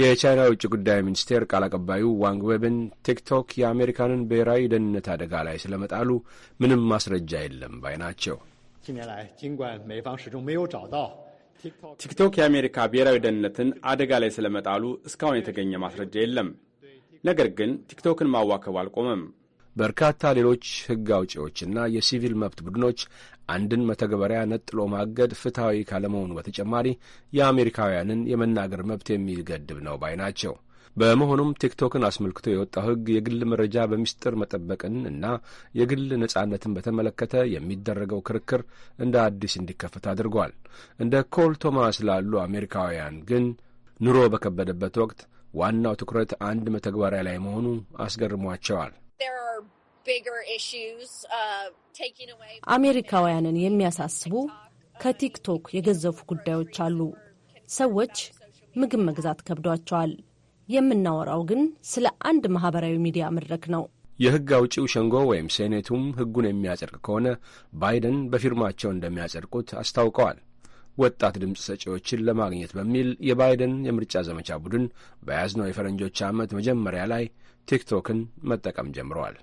የቻይና ውጭ ጉዳይ ሚኒስቴር ቃል አቀባዩ ዋንግ ዌብን ቲክቶክ የአሜሪካንን ብሔራዊ ደህንነት አደጋ ላይ ስለመጣሉ ምንም ማስረጃ የለም ባይ ናቸው። ቲክቶክ የአሜሪካ ብሔራዊ ደህንነትን አደጋ ላይ ስለመጣሉ እስካሁን የተገኘ ማስረጃ የለም። ነገር ግን ቲክቶክን ማዋከብ አልቆመም። በርካታ ሌሎች ሕግ አውጪዎችና የሲቪል መብት ቡድኖች አንድን መተግበሪያ ነጥሎ ማገድ ፍትሐዊ ካለመሆኑ በተጨማሪ የአሜሪካውያንን የመናገር መብት የሚገድብ ነው ባይ ናቸው። በመሆኑም ቲክቶክን አስመልክቶ የወጣው ሕግ የግል መረጃ በሚስጥር መጠበቅን እና የግል ነጻነትን በተመለከተ የሚደረገው ክርክር እንደ አዲስ እንዲከፈት አድርጓል። እንደ ኮል ቶማስ ላሉ አሜሪካውያን ግን ኑሮ በከበደበት ወቅት ዋናው ትኩረት አንድ መተግበሪያ ላይ መሆኑ አስገርሟቸዋል። Uh, አሜሪካውያንን የሚያሳስቡ uh, ከቲክቶክ የገዘፉ ጉዳዮች አሉ። ሰዎች ምግብ መግዛት ከብዷቸዋል። የምናወራው ግን ስለ አንድ ማህበራዊ ሚዲያ መድረክ ነው። የሕግ አውጪው ሸንጎ ወይም ሴኔቱም ሕጉን የሚያጸድቅ ከሆነ ባይደን በፊርማቸው እንደሚያጸድቁት አስታውቀዋል። ወጣት ድምፅ ሰጪዎችን ለማግኘት በሚል የባይደን የምርጫ ዘመቻ ቡድን በያዝነው የፈረንጆች ዓመት መጀመሪያ ላይ ቲክቶክን መጠቀም ጀምረዋል።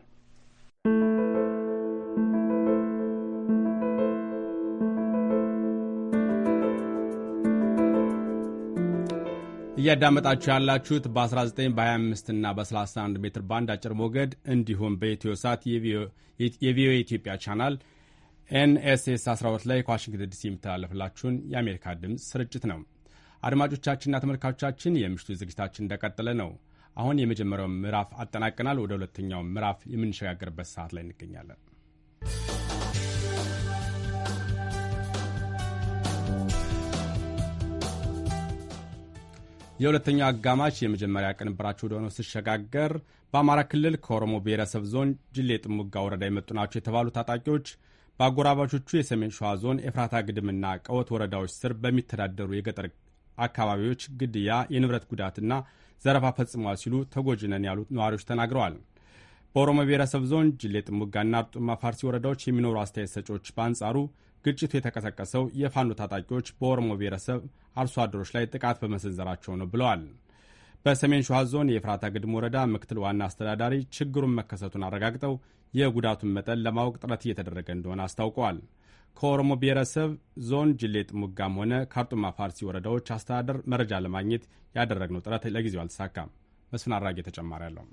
እያዳመጣችሁ ያላችሁት በ19 በ25 እና በ31 ሜትር ባንድ አጭር ሞገድ እንዲሁም በኢትዮ ሳት የቪኦኤ ኢትዮጵያ ቻናል ኤንኤስኤስ 12 ላይ ከዋሽንግተን ዲሲ የሚተላለፍላችሁን የአሜሪካ ድምፅ ስርጭት ነው። አድማጮቻችንና ተመልካቾቻችን የምሽቱ ዝግጅታችን እንደቀጠለ ነው። አሁን የመጀመሪያው ምዕራፍ አጠናቀናል። ወደ ሁለተኛው ምዕራፍ የምንሸጋገርበት ሰዓት ላይ እንገኛለን። የሁለተኛው አጋማሽ የመጀመሪያ ቅንብራችሁ ወደሆነ ስሸጋገር በአማራ ክልል ከኦሮሞ ብሔረሰብ ዞን ጅሌ ጥሙጋ ወረዳ የመጡ ናቸው የተባሉ ታጣቂዎች በአጎራባቾቹ የሰሜን ሸዋ ዞን ኤፍራታ ግድምና ቀወት ወረዳዎች ስር በሚተዳደሩ የገጠር አካባቢዎች ግድያ፣ የንብረት ጉዳትና ዘረፋ ፈጽመዋል ሲሉ ተጎጅነን ያሉ ነዋሪዎች ተናግረዋል። በኦሮሞ ብሔረሰብ ዞን ጅሌ ጥሙጋና አርጡማ ፋርሲ ወረዳዎች የሚኖሩ አስተያየት ሰጪዎች በአንጻሩ ግጭቱ የተቀሰቀሰው የፋኖ ታጣቂዎች በኦሮሞ ብሔረሰብ አርሶ አደሮች ላይ ጥቃት በመሰንዘራቸው ነው ብለዋል። በሰሜን ሸዋ ዞን የኤፍራታ ግድም ወረዳ ምክትል ዋና አስተዳዳሪ ችግሩን መከሰቱን አረጋግጠው የጉዳቱን መጠን ለማወቅ ጥረት እየተደረገ እንደሆነ አስታውቀዋል። ከኦሮሞ ብሔረሰብ ዞን ጅሌ ጥሙጋም ሆነ ካርጡማ ፋርሲ ወረዳዎች አስተዳደር መረጃ ለማግኘት ያደረግነው ጥረት ለጊዜው አልተሳካም። መስፍን አራጌ ተጨማሪ አለው።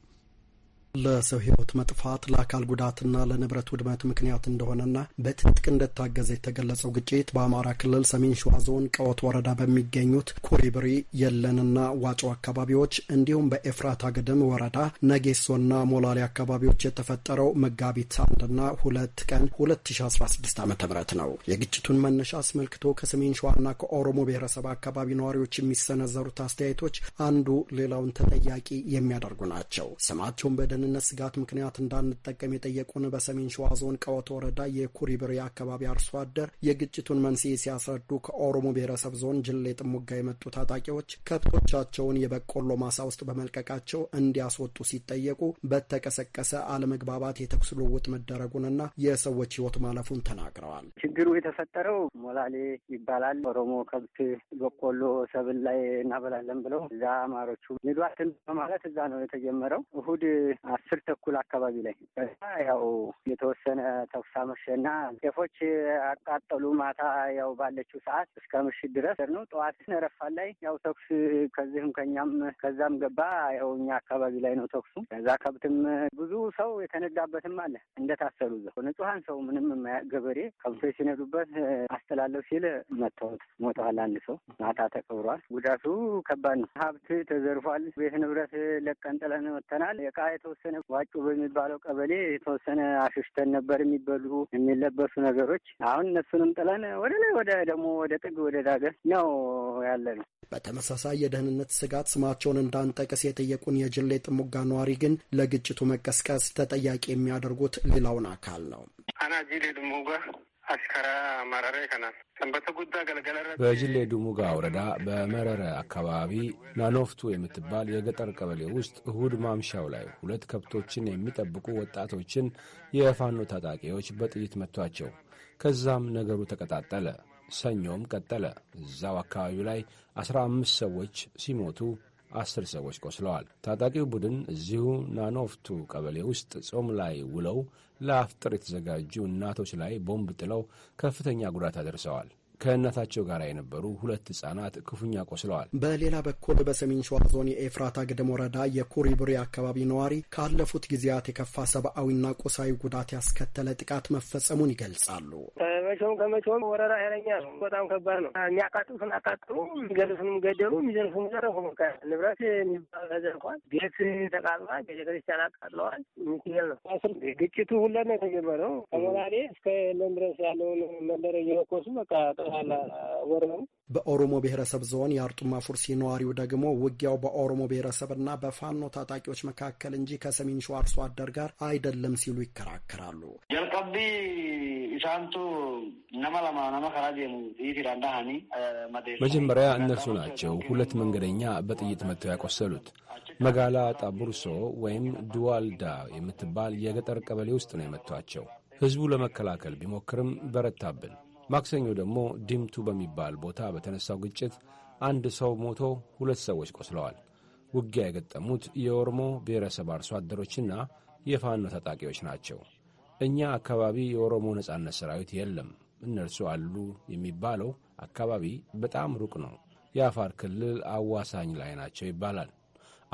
ለሰው ህይወት መጥፋት ለአካል ጉዳትና ለንብረት ውድመት ምክንያት እንደሆነና በትጥቅ እንደታገዘ የተገለጸው ግጭት በአማራ ክልል ሰሜን ሸዋ ዞን ቀወት ወረዳ በሚገኙት ኩሪብሪ፣ የለንና ዋጮ አካባቢዎች እንዲሁም በኤፍራታ ግድም ወረዳ ነጌሶና ሞላሌ አካባቢዎች የተፈጠረው መጋቢት አንድና ሁለት ቀን 2016 ዓ ም ነው። የግጭቱን መነሻ አስመልክቶ ከሰሜን ሸዋና ከኦሮሞ ብሔረሰብ አካባቢ ነዋሪዎች የሚሰነዘሩት አስተያየቶች አንዱ ሌላውን ተጠያቂ የሚያደርጉ ናቸው። ስማቸውን በደን የደህንነት ስጋት ምክንያት እንዳንጠቀም የጠየቁን በሰሜን ሸዋ ዞን ቀወት ወረዳ የኩሪብሬ አካባቢ አርሶ አደር የግጭቱን መንስኤ ሲያስረዱ ከኦሮሞ ብሔረሰብ ዞን ጅሌ ጥሙጋ የመጡ ታጣቂዎች ከብቶቻቸውን የበቆሎ ማሳ ውስጥ በመልቀቃቸው እንዲያስወጡ ሲጠየቁ በተቀሰቀሰ አለመግባባት የተኩስ ልውውጥ መደረጉንና የሰዎች ሕይወት ማለፉን ተናግረዋል። ችግሩ የተፈጠረው ሞላሌ ይባላል። ኦሮሞ ከብት በቆሎ ሰብል ላይ እናበላለን ብለው እዛ አማሮቹ ንዷትን በማለት እዛ ነው የተጀመረው። እሁድ አስር ተኩል አካባቢ ላይ ያው የተወሰነ ተኩስ አመሸና ጤፎች አቃጠሉ። ማታ ያው ባለችው ሰዓት እስከ ምሽት ድረስ ነው። ጠዋት ረፋት ላይ ያው ተኩስ ከዚህም ከኛም ከዛም ገባ። ያው እኛ አካባቢ ላይ ነው ተኩሱ። ከዛ ከብትም ብዙ ሰው የተነዳበትም አለ እንደታሰሉ ዘው ንጹሀን ሰው ምንም ገበሬ ከብቶች ሲነዱበት አስተላለፍ ሲል መታወት ሞተዋል። አንድ ሰው ማታ ተቀብሯል። ጉዳቱ ከባድ ነው። ሀብት ተዘርፏል። ቤት ንብረት ለቀን ጥለን ወጥተናል። የቃ የተወሰነ ዋጮ በሚባለው ቀበሌ የተወሰነ አሽሽተን ነበር የሚበሉ የሚለበሱ ነገሮች። አሁን እነሱንም ጥለን ወደ ላይ ወደ ደግሞ ወደ ጥግ ወደ ዳገት ነው ያለ ነው። በተመሳሳይ የደህንነት ስጋት ስማቸውን እንዳንጠቅስ የጠየቁን የጅሌ ጥሙጋ ነዋሪ ግን ለግጭቱ መቀስቀስ ተጠያቂ የሚያደርጉት ሌላውን አካል ነው። አሽከራ ሰንበተ ጉዳ በጅሌ ዱሙጋ ወረዳ በመረረ አካባቢ ናኖፍቱ የምትባል የገጠር ቀበሌ ውስጥ እሁድ ማምሻው ላይ ሁለት ከብቶችን የሚጠብቁ ወጣቶችን የፋኖ ታጣቂዎች በጥይት መቷቸው። ከዛም ነገሩ ተቀጣጠለ። ሰኞም ቀጠለ። እዛው አካባቢው ላይ አስራ አምስት ሰዎች ሲሞቱ አስር ሰዎች ቆስለዋል። ታጣቂው ቡድን እዚሁ ናኖፍቱ ቀበሌ ውስጥ ጾም ላይ ውለው ለአፍጥር የተዘጋጁ እናቶች ላይ ቦምብ ጥለው ከፍተኛ ጉዳት አደርሰዋል። ከእናታቸው ጋር የነበሩ ሁለት ህጻናት ክፉኛ ቆስለዋል። በሌላ በኩል በሰሜን ሸዋ ዞን የኤፍራት ግድም ወረዳ የኩሪቡሪ አካባቢ ነዋሪ ካለፉት ጊዜያት የከፋ ሰብአዊና ቁሳዊ ጉዳት ያስከተለ ጥቃት መፈጸሙን ይገልጻሉ። ከመቼውም ከመቼውም ወረራ ያለኛ ነው። በጣም ከባድ ነው። የሚያቃጥሉትን አቃጥሉ፣ የሚገድሉትንም ገደሉ፣ የሚዘርፉም ዘረፉ። ንብረት የሚባል ተዘርፏል። ቤት ተቃጥሏል። ቤተክርስቲያን አቃጥለዋል። ሚትል ነው ግጭቱ ሁለት ነው የተጀመረው። ከሞላሌ እስከ ለም ድረስ ያለውን መንደር እየለኮሱ በቃ ወር ነው። በኦሮሞ ብሔረሰብ ዞን የአርጡማ ፉርሲ ነዋሪው ደግሞ ውጊያው በኦሮሞ ብሔረሰብና በፋኖ ታጣቂዎች መካከል እንጂ ከሰሜን ሸዋ አርሶ አደር ጋር አይደለም ሲሉ ይከራከራሉ። ጀልቀቢ ኢሳንቱ ነመለማ መጀመሪያ እነርሱ ናቸው ሁለት መንገደኛ በጥይት መጥተው ያቆሰሉት። መጋላ ጣቡርሶ ወይም ዱዋልዳ የምትባል የገጠር ቀበሌ ውስጥ ነው የመቷቸው። ህዝቡ ለመከላከል ቢሞክርም በረታብን። ማክሰኞ ደግሞ ዲምቱ በሚባል ቦታ በተነሳው ግጭት አንድ ሰው ሞቶ ሁለት ሰዎች ቆስለዋል። ውጊያ የገጠሙት የኦሮሞ ብሔረሰብ አርሶ አደሮችና የፋኖ ታጣቂዎች ናቸው። እኛ አካባቢ የኦሮሞ ነጻነት ሰራዊት የለም፣ እነርሱ አሉ የሚባለው አካባቢ በጣም ሩቅ ነው። የአፋር ክልል አዋሳኝ ላይ ናቸው ይባላል።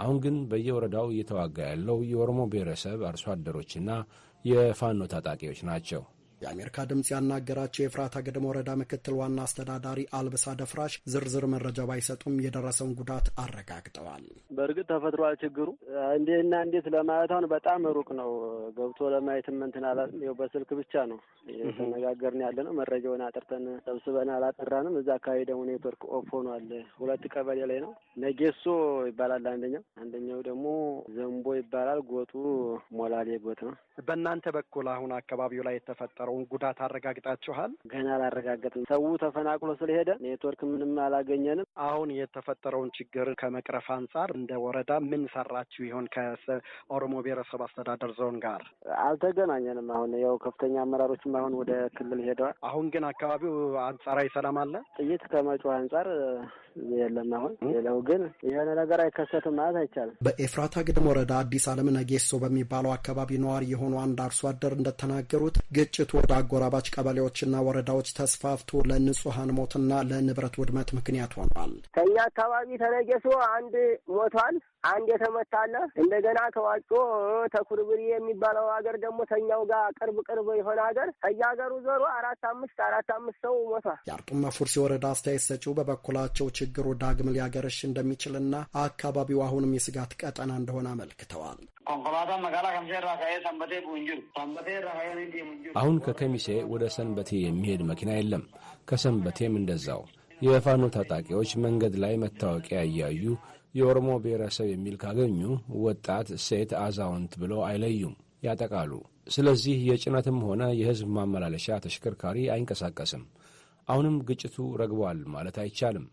አሁን ግን በየወረዳው እየተዋጋ ያለው የኦሮሞ ብሔረሰብ አርሶ አደሮችና የፋኖ ታጣቂዎች ናቸው። የአሜሪካ ድምፅ ያናገራቸው የፍራታ ገደም ወረዳ ምክትል ዋና አስተዳዳሪ አልብሳ ደፍራሽ ዝርዝር መረጃ ባይሰጡም የደረሰውን ጉዳት አረጋግጠዋል። በእርግጥ ተፈጥሯል ችግሩ እንዴትና እንዴት ለማለት አሁን በጣም ሩቅ ነው። ገብቶ ለማየት እንትን አላልም። ይኸው በስልክ ብቻ ነው የተነጋገርን ያለ ነው። መረጃውን አጥርተን ሰብስበን አላጠራንም። እዛ አካባቢ ደግሞ ኔትወርክ ኦፍ ሆኗል። ሁለት ቀበሌ ላይ ነው። ነጌሶ ይባላል አንደኛው፣ አንደኛው ደግሞ ዘንቦ ይባላል። ጎጡ ሞላሌ ጎጥ ነው። በእናንተ በኩል አሁን አካባቢው ላይ የተፈጠረው የደረሰውን ጉዳት አረጋግጣችኋል? ገና አላረጋገጥም። ሰው ተፈናቅሎ ስለሄደ ኔትወርክ ምንም አላገኘንም። አሁን የተፈጠረውን ችግር ከመቅረፍ አንጻር እንደ ወረዳ ምን ሰራችሁ ይሆን? ከኦሮሞ ብሔረሰብ አስተዳደር ዞን ጋር አልተገናኘንም። አሁን ያው ከፍተኛ አመራሮችም አሁን ወደ ክልል ሄደዋል። አሁን ግን አካባቢው አንጻራዊ ሰላም አለ። ጥይት ከመጩ አንጻር የለም። አሁን ሌላው ግን የሆነ ነገር አይከሰትም ማለት አይቻልም። በኤፍራታ ግድም ወረዳ አዲስ አለም ነጌሶ በሚባለው አካባቢ ነዋሪ የሆኑ አንድ አርሶ አደር እንደተናገሩት ግጭቱ ወደ አጎራባች ቀበሌዎችና ወረዳዎች ተስፋፍቶ ለንጹሐን ሞትና ለንብረት ውድመት ምክንያት ሆኗል። ከእኛ አካባቢ ተነጀሶ አንድ ሞቷል። አንድ የተመታ እንደገና ከዋጮ ተኩርብሪ የሚባለው ሀገር ደግሞ ተኛው ጋር ቅርብ ቅርብ የሆነ ሀገር ከየሀገሩ ዞሮ አራት አምስት አራት አምስት ሰው ሞቷል። የአርጡማ ፉርሲ ወረዳ አስተያየት ሰጪው በበኩላቸው ችግሩ ዳግም ሊያገረሽ እንደሚችልና አካባቢው አሁንም የስጋት ቀጠና እንደሆነ አመልክተዋል። አሁን ከከሚሴ ወደ ሰንበቴ የሚሄድ መኪና የለም። ከሰንበቴም እንደዛው የፋኖ ታጣቂዎች መንገድ ላይ መታወቂያ እያዩ የኦሮሞ ብሔረሰብ የሚል ካገኙ ወጣት፣ ሴት፣ አዛውንት ብለው አይለዩም፣ ያጠቃሉ። ስለዚህ የጭነትም ሆነ የህዝብ ማመላለሻ ተሽከርካሪ አይንቀሳቀስም። አሁንም ግጭቱ ረግቧል ማለት አይቻልም።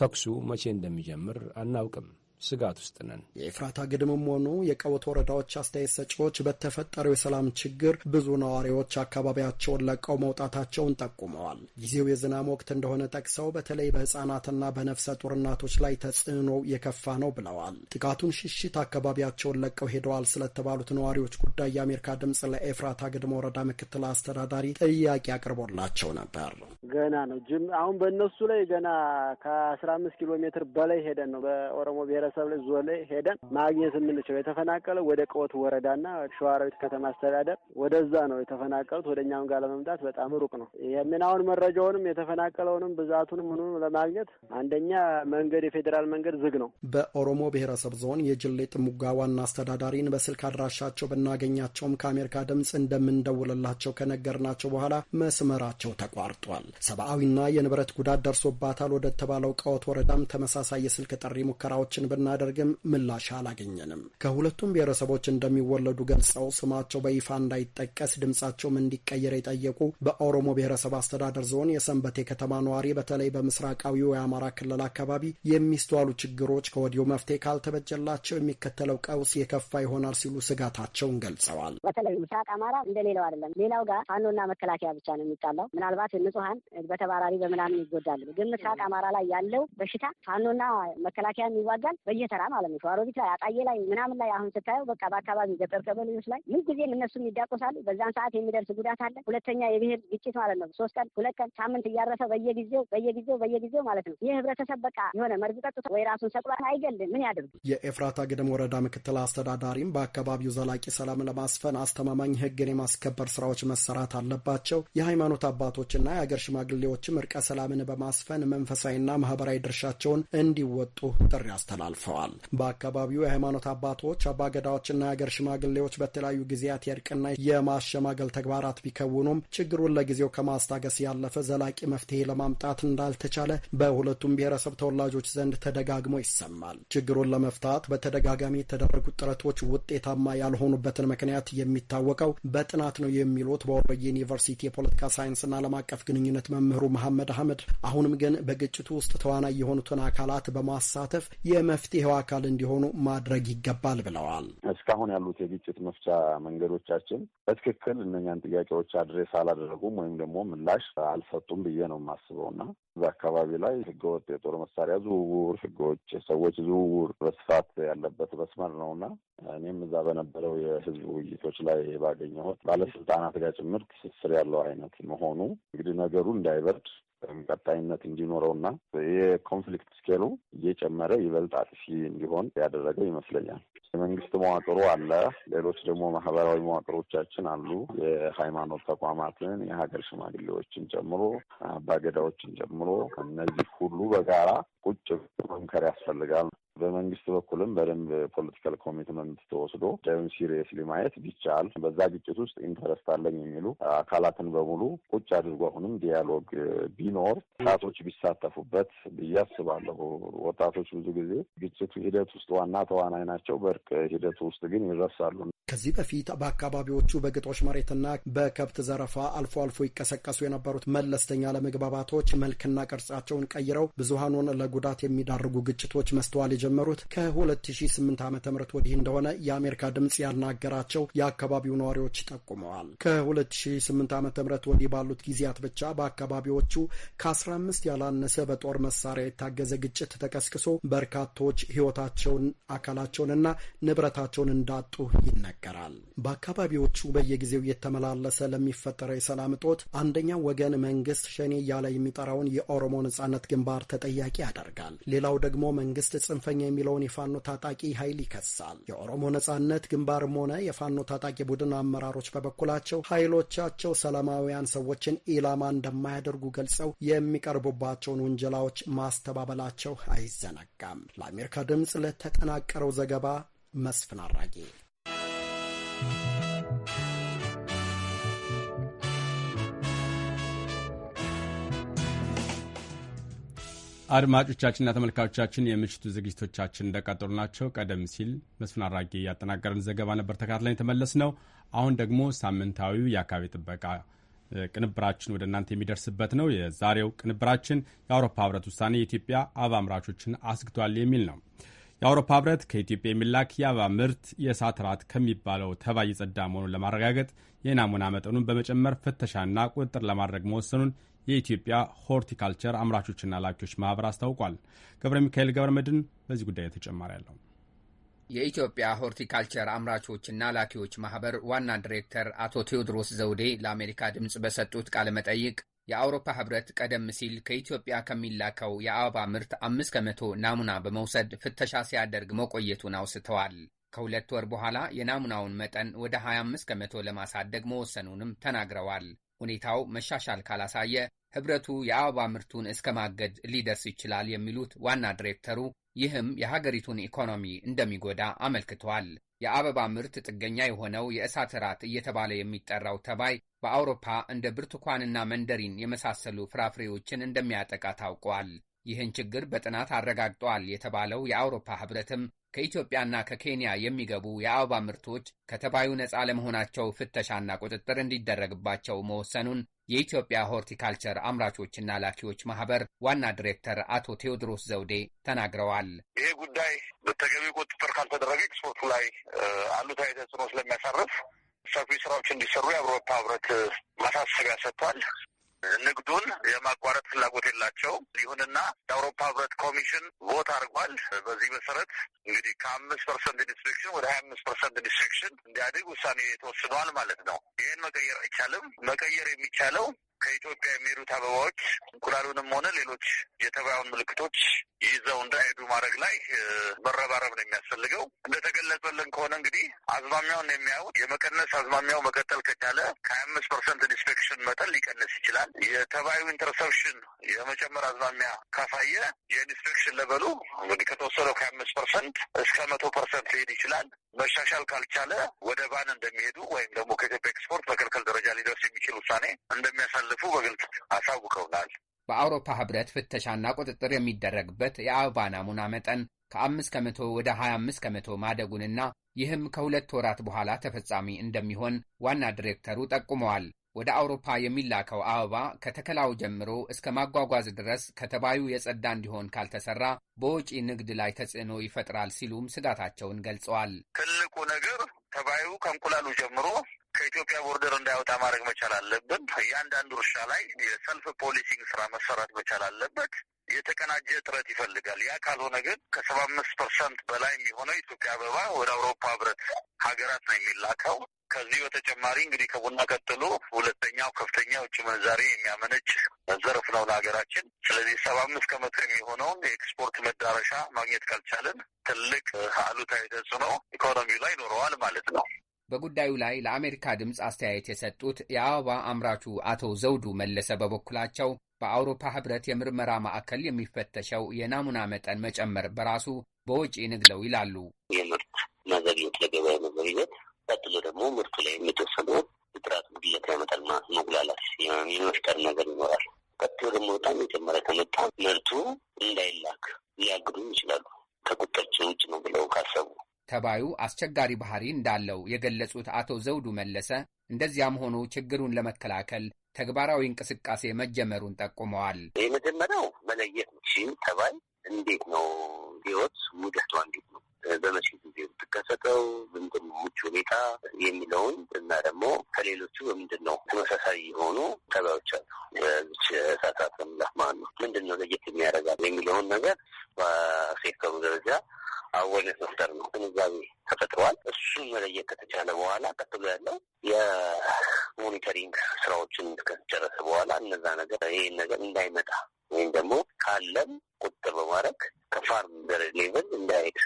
ተኩሱ መቼ እንደሚጀምር አናውቅም። ስጋት ውስጥ ነን። የኤፍራታ ግድምም ሆኑ የቀወት ወረዳዎች አስተያየት ሰጪዎች በተፈጠረው የሰላም ችግር ብዙ ነዋሪዎች አካባቢያቸውን ለቀው መውጣታቸውን ጠቁመዋል። ጊዜው የዝናብ ወቅት እንደሆነ ጠቅሰው በተለይ በህጻናትና በነፍሰ ጡር እናቶች ላይ ተጽዕኖ የከፋ ነው ብለዋል። ጥቃቱን ሽሽት አካባቢያቸውን ለቀው ሄደዋል ስለተባሉት ነዋሪዎች ጉዳይ የአሜሪካ ድምጽ ለኤፍራታ ግድመ ወረዳ ምክትል አስተዳዳሪ ጥያቄ አቅርቦላቸው ነበር። ገና ነው ጅም አሁን በእነሱ ላይ ገና ከአስራ አምስት ኪሎ ሜትር በላይ ሄደን ነው በኦሮሞ ብሔረ ሰብለ ዞን ላይ ሄደን ማግኘት የምንችለው የተፈናቀለው ወደ ቀወት ወረዳና ሸዋሮቢት ከተማ አስተዳደር ወደዛ ነው የተፈናቀሉት። ወደ እኛም ጋር ለመምጣት በጣም ሩቅ ነው። የምን አሁን መረጃውንም የተፈናቀለውንም ብዛቱንም ምኑ ለማግኘት አንደኛ መንገድ የፌዴራል መንገድ ዝግ ነው። በኦሮሞ ብሔረሰብ ዞን የጅሌ ጥሙጋ ዋና አስተዳዳሪን በስልክ አድራሻቸው ብናገኛቸውም ከአሜሪካ ድምፅ እንደምንደውልላቸው ከነገርናቸው በኋላ መስመራቸው ተቋርጧል። ሰብአዊና የንብረት ጉዳት ደርሶባታል ወደተባለው ቀወት ወረዳም ተመሳሳይ የስልክ ጥሪ ሙከራዎችን ብናደርግም ምላሽ አላገኘንም። ከሁለቱም ብሔረሰቦች እንደሚወለዱ ገልጸው ስማቸው በይፋ እንዳይጠቀስ ድምጻቸውም እንዲቀየር የጠየቁ በኦሮሞ ብሔረሰብ አስተዳደር ዞን የሰንበቴ ከተማ ነዋሪ በተለይ በምስራቃዊው የአማራ ክልል አካባቢ የሚስተዋሉ ችግሮች ከወዲሁ መፍትሄ ካልተበጀላቸው የሚከተለው ቀውስ የከፋ ይሆናል ሲሉ ስጋታቸውን ገልጸዋል። በተለይ ምስራቅ አማራ እንደሌለው አይደለም። ሌላው ጋር ፋኖና መከላከያ ብቻ ነው የሚጣላው። ምናልባት ንጹሀን በተባራሪ በምናምን ይጎዳሉ። ግን ምስራቅ አማራ ላይ ያለው በሽታ ፋኖና መከላከያ ይዋጋል። በየተራ ማለት ነው። ሸዋሮቢት ላይ አጣዬ ላይ ምናምን ላይ አሁን ስታየው በቃ በአካባቢ ገጠር ቀበሌዎች ላይ ጊዜም እነሱም ይዳቆሳሉ። በዛን ሰዓት የሚደርስ ጉዳት አለ። ሁለተኛ የብሔር ግጭት ማለት ነው። ሶስት ቀን ሁለት ቀን ሳምንት እያረፈ በየጊዜው በየጊዜው በየጊዜው ማለት ነው። ይህ ህብረተሰብ በቃ የሆነ መርዝ ጠጥቶ ወይ ራሱን ሰቅሏት አይገልም። ምን ያደርጉ። የኤፍራታ ግድም ወረዳ ምክትል አስተዳዳሪም በአካባቢው ዘላቂ ሰላም ለማስፈን አስተማማኝ ህግን የማስከበር ስራዎች መሰራት አለባቸው። የሃይማኖት አባቶችና የአገር ሽማግሌዎችም እርቀ ሰላምን በማስፈን መንፈሳዊና ማህበራዊ ድርሻቸውን እንዲወጡ ጥሪ አስተላል አልፈዋል። በአካባቢው የሃይማኖት አባቶች፣ አባገዳዎችና የአገር ሽማግሌዎች በተለያዩ ጊዜያት የእርቅና የማሸማገል ተግባራት ቢከውኑም ችግሩን ለጊዜው ከማስታገስ ያለፈ ዘላቂ መፍትሄ ለማምጣት እንዳልተቻለ በሁለቱም ብሔረሰብ ተወላጆች ዘንድ ተደጋግሞ ይሰማል። ችግሩን ለመፍታት በተደጋጋሚ የተደረጉት ጥረቶች ውጤታማ ያልሆኑበትን ምክንያት የሚታወቀው በጥናት ነው የሚሉት በወሎ ዩኒቨርሲቲ የፖለቲካ ሳይንስና ዓለም አቀፍ ግንኙነት መምህሩ መሐመድ አህመድ፣ አሁንም ግን በግጭቱ ውስጥ ተዋናይ የሆኑትን አካላት በማሳተፍ የመፍ የመፍትሄው አካል እንዲሆኑ ማድረግ ይገባል ብለዋል። እስካሁን ያሉት የግጭት መፍቻ መንገዶቻችን በትክክል እነኛን ጥያቄዎች አድሬስ አላደረጉም ወይም ደግሞ ምላሽ አልሰጡም ብዬ ነው የማስበው እና እዛ አካባቢ ላይ ህገወጥ የጦር መሳሪያ ዝውውር፣ ህገወጥ የሰዎች ዝውውር በስፋት ያለበት መስመር ነው እና እኔም እዛ በነበረው የህዝብ ውይይቶች ላይ ባገኘሁት ባለስልጣናት ጋር ጭምር ትስስር ያለው አይነት መሆኑ እንግዲህ ነገሩ እንዳይበርድ ቀጣይነት እንዲኖረውና የኮንፍሊክት ስኬሉ እየጨመረ ይበልጥ አጥፊ እንዲሆን ያደረገው ይመስለኛል። የመንግስት መዋቅሩ አለ፣ ሌሎች ደግሞ ማህበራዊ መዋቅሮቻችን አሉ። የሃይማኖት ተቋማትን የሀገር ሽማግሌዎችን ጨምሮ አባገዳዎችን ጨምሮ እነዚህ ሁሉ በጋራ ቁጭ መምከር ያስፈልጋል። በመንግስት በኩልም በደንብ ፖለቲካል ኮሚትመንት ተወስዶ ደም ሲሪየስሊ ማየት ቢቻል በዛ ግጭት ውስጥ ኢንተረስት አለኝ የሚሉ አካላትን በሙሉ ቁጭ አድርጎ አሁንም ዲያሎግ ቢኖር ወጣቶች ቢሳተፉበት ብዬ አስባለሁ። ወጣቶች ብዙ ጊዜ ግጭቱ ሂደት ውስጥ ዋና ተዋናይ ናቸው። በእርቅ ሂደቱ ውስጥ ግን ይረሳሉ። ከዚህ በፊት በአካባቢዎቹ በግጦሽ መሬትና በከብት ዘረፋ አልፎ አልፎ ይቀሰቀሱ የነበሩት መለስተኛ ለመግባባቶች መልክና ቅርጻቸውን ቀይረው ብዙሀኑን ለጉዳት የሚዳርጉ ግጭቶች መስተዋል የጀመሩት ከ2008 ዓ ም ወዲህ እንደሆነ የአሜሪካ ድምፅ ያናገራቸው የአካባቢው ነዋሪዎች ጠቁመዋል። ከ2008 ዓ ም ወዲህ ባሉት ጊዜያት ብቻ በአካባቢዎቹ ከ15 ያላነሰ በጦር መሳሪያ የታገዘ ግጭት ተቀስቅሶ በርካቶች ህይወታቸውን አካላቸውንና ንብረታቸውን እንዳጡ ይነገራል። በአካባቢዎቹ በየጊዜው እየተመላለሰ ለሚፈጠረው የሰላም እጦት አንደኛው ወገን መንግስት ሸኔ እያለ የሚጠራውን የኦሮሞ ነጻነት ግንባር ተጠያቂ ያደርጋል። ሌላው ደግሞ መንግስት ጽንፈ ጽንፈኛ የሚለውን የፋኖ ታጣቂ ኃይል ይከሳል። የኦሮሞ ነጻነት ግንባርም ሆነ የፋኖ ታጣቂ ቡድን አመራሮች በበኩላቸው ኃይሎቻቸው ሰላማውያን ሰዎችን ኢላማ እንደማያደርጉ ገልጸው የሚቀርቡባቸውን ውንጀላዎች ማስተባበላቸው አይዘነጋም። ለአሜሪካ ድምፅ ለተጠናቀረው ዘገባ መስፍን አራጌ አድማጮቻችንና ተመልካቾቻችን የምሽቱ ዝግጅቶቻችን እንደቀጠሉ ናቸው። ቀደም ሲል መስፍን አራጌ ያጠናቀረን ዘገባ ነበር ተከታትለን የተመለስ ነው። አሁን ደግሞ ሳምንታዊው የአካባቢ ጥበቃ ቅንብራችን ወደ እናንተ የሚደርስበት ነው። የዛሬው ቅንብራችን የአውሮፓ ህብረት ውሳኔ የኢትዮጵያ አበባ አምራቾችን አስግቷል የሚል ነው። የአውሮፓ ህብረት ከኢትዮጵያ የሚላክ የአበባ ምርት የእሳት ራት ከሚባለው ተባይ የጸዳ መሆኑን ለማረጋገጥ የናሙና መጠኑን በመጨመር ፍተሻና ቁጥጥር ለማድረግ መወሰኑን የኢትዮጵያ ሆርቲካልቸር አምራቾችና ላኪዎች ማህበር አስታውቋል። ገብረ ሚካኤል ገብረ መድን በዚህ ጉዳይ ተጨማሪ ያለው የኢትዮጵያ ሆርቲካልቸር አምራቾችና ላኪዎች ማህበር ዋና ዲሬክተር አቶ ቴዎድሮስ ዘውዴ ለአሜሪካ ድምፅ በሰጡት ቃለ መጠይቅ የአውሮፓ ህብረት ቀደም ሲል ከኢትዮጵያ ከሚላከው የአበባ ምርት አምስት ከመቶ ናሙና በመውሰድ ፍተሻ ሲያደርግ መቆየቱን አውስተዋል። ከሁለት ወር በኋላ የናሙናውን መጠን ወደ 25 ከመቶ ለማሳደግ መወሰኑንም ተናግረዋል። ሁኔታው መሻሻል ካላሳየ ህብረቱ የአበባ ምርቱን እስከ ማገድ ሊደርስ ይችላል የሚሉት ዋና ዲሬክተሩ፣ ይህም የሀገሪቱን ኢኮኖሚ እንደሚጎዳ አመልክተዋል። የአበባ ምርት ጥገኛ የሆነው የእሳት እራት እየተባለ የሚጠራው ተባይ በአውሮፓ እንደ ብርቱካንና መንደሪን የመሳሰሉ ፍራፍሬዎችን እንደሚያጠቃ ታውቋል። ይህን ችግር በጥናት አረጋግጧል የተባለው የአውሮፓ ህብረትም ከኢትዮጵያና ከኬንያ የሚገቡ የአበባ ምርቶች ከተባዩ ነፃ ለመሆናቸው ፍተሻና ቁጥጥር እንዲደረግባቸው መወሰኑን የኢትዮጵያ ሆርቲካልቸር አምራቾችና ላኪዎች ማህበር ዋና ዲሬክተር አቶ ቴዎድሮስ ዘውዴ ተናግረዋል። ይሄ ጉዳይ በተገቢ ቁጥጥር ካልተደረገ ኤክስፖርቱ ላይ አሉታዊ ተጽዕኖ ስለሚያሳርፍ ሰፊ ስራዎች እንዲሰሩ የአውሮፓ ህብረት ማሳሰቢያ ሰጥቷል። ንግዱን የማቋረጥ ፍላጎት የላቸውም። ይሁንና የአውሮፓ ህብረት ኮሚሽን ቮት አድርጓል። በዚህ መሰረት እንግዲህ ከአምስት ፐርሰንት ዲስትሪክሽን ወደ ሀያ አምስት ፐርሰንት ዲስትሪክሽን እንዲያድግ ውሳኔ ተወስኗል ማለት ነው። ይህን መቀየር አይቻልም። መቀየር የሚቻለው ከኢትዮጵያ የሚሄዱት አበባዎች እንቁላሉንም ሆነ ሌሎች የተባዩን ምልክቶች ይዘው እንዳይሄዱ ማድረግ ላይ መረባረብ ነው የሚያስፈልገው። እንደተገለጸልን ከሆነ እንግዲህ አዝማሚያውን የሚያዩት የመቀነስ አዝማሚያው መቀጠል ከቻለ ከሀያ አምስት ፐርሰንት ኢንስፔክሽን መጠን ሊቀንስ ይችላል። የተባዩ ኢንተርሰፕሽን የመጨመር አዝማሚያ ካሳየ የኢንስፔክሽን ለበሉ እንግዲህ ከተወሰነው ከሀያ አምስት ፐርሰንት እስከ መቶ ፐርሰንት ሊሄድ ይችላል። መሻሻል ካልቻለ ወደ ባን እንደሚሄዱ ወይም ደግሞ ከኢትዮጵያ ኤክስፖርት መከልከል ደረጃ ሊደርስ የሚችል ውሳኔ እንደሚያሳልፉ በግልጽ አሳውቀውናል። በአውሮፓ ህብረት ፍተሻና ቁጥጥር የሚደረግበት የአበባ ናሙና መጠን ከአምስት ከመቶ ወደ 25 ከመቶ ማደጉንና ይህም ከሁለት ወራት በኋላ ተፈጻሚ እንደሚሆን ዋና ዲሬክተሩ ጠቁመዋል። ወደ አውሮፓ የሚላከው አበባ ከተከላው ጀምሮ እስከ ማጓጓዝ ድረስ ከተባዩ የጸዳ እንዲሆን ካልተሰራ በውጪ ንግድ ላይ ተጽዕኖ ይፈጥራል ሲሉም ስጋታቸውን ገልጸዋል። ትልቁ ነገር ተባዩ ከእንቁላሉ ጀምሮ ከኢትዮጵያ ቦርደር እንዳይወጣ ማድረግ መቻል አለብን። እያንዳንዱ እርሻ ላይ የሰልፍ ፖሊሲንግ ስራ መሰራት መቻል አለበት። የተቀናጀ ጥረት ይፈልጋል። ያ ካልሆነ ግን ከሰባ አምስት ፐርሰንት በላይ የሚሆነው ኢትዮጵያ አበባ ወደ አውሮፓ ህብረት ሀገራት ነው የሚላከው። ከዚህ በተጨማሪ እንግዲህ ከቡና ቀጥሎ ሁለተኛው ከፍተኛ ውጭ ምንዛሬ የሚያመነጭ ዘርፍ ነው ለሀገራችን። ስለዚህ ሰባ አምስት ከመቶ የሚሆነውን የኤክስፖርት መዳረሻ ማግኘት ካልቻለን ትልቅ አሉታዊ ተጽዕኖ ኢኮኖሚው ላይ ይኖረዋል ማለት ነው። በጉዳዩ ላይ ለአሜሪካ ድምፅ አስተያየት የሰጡት የአበባ አምራቹ አቶ ዘውዱ መለሰ በበኩላቸው በአውሮፓ ሕብረት የምርመራ ማዕከል የሚፈተሸው የናሙና መጠን መጨመር በራሱ በውጪ ንግለው ይላሉ። የምርት መዘግየት ለገበያ መዘግየት ቀጥሎ ደግሞ ምርቱ ላይ የተወሰኑ ጥራት ጉድለት ያመጣል። መጉላላት የመፍጠር ነገር ይኖራል። ቀጥሎ ደግሞ በጣም የጀመረ ከመጣ ምርቱ እንዳይላክ ሊያግዱም ይችላሉ። ከቁጥጥራቸው ውጭ ነው ብለው ካሰቡ ተባዩ አስቸጋሪ ባህሪ እንዳለው የገለጹት አቶ ዘውዱ መለሰ፣ እንደዚያም ሆኖ ችግሩን ለመከላከል ተግባራዊ እንቅስቃሴ መጀመሩን ጠቁመዋል። የመጀመሪያው መለየት ነው። ተባይ እንዴት ነው ህይወት ውደቷ እንዴት ነው በመቼ ጊዜ የምትከሰተው ምንድን ነው ምቹ ሁኔታ የሚለውን እና ደግሞ ከሌሎቹ በምንድን ነው ተመሳሳይ የሆኑ ተባዮች አሉ ዚች እሳሳት ምላት ነው ምንድን ነው ለየት የሚያደርጋል የሚለውን ነገር በሴክተሩ ደረጃ አወነት መፍጠር ነው። ግንዛቤ ተፈጥሯል። እሱን መለየት ከተቻለ በኋላ ቀጥሎ ያለው የሞኒተሪንግ ስራዎችን ከተጨረሰ በኋላ እነዛ ነገር ይህን ነገር እንዳይመጣ ወይም ደግሞ ካለም ቁጥጥር በማድረግ ከፋርም ሌቨል እንዳይሄድ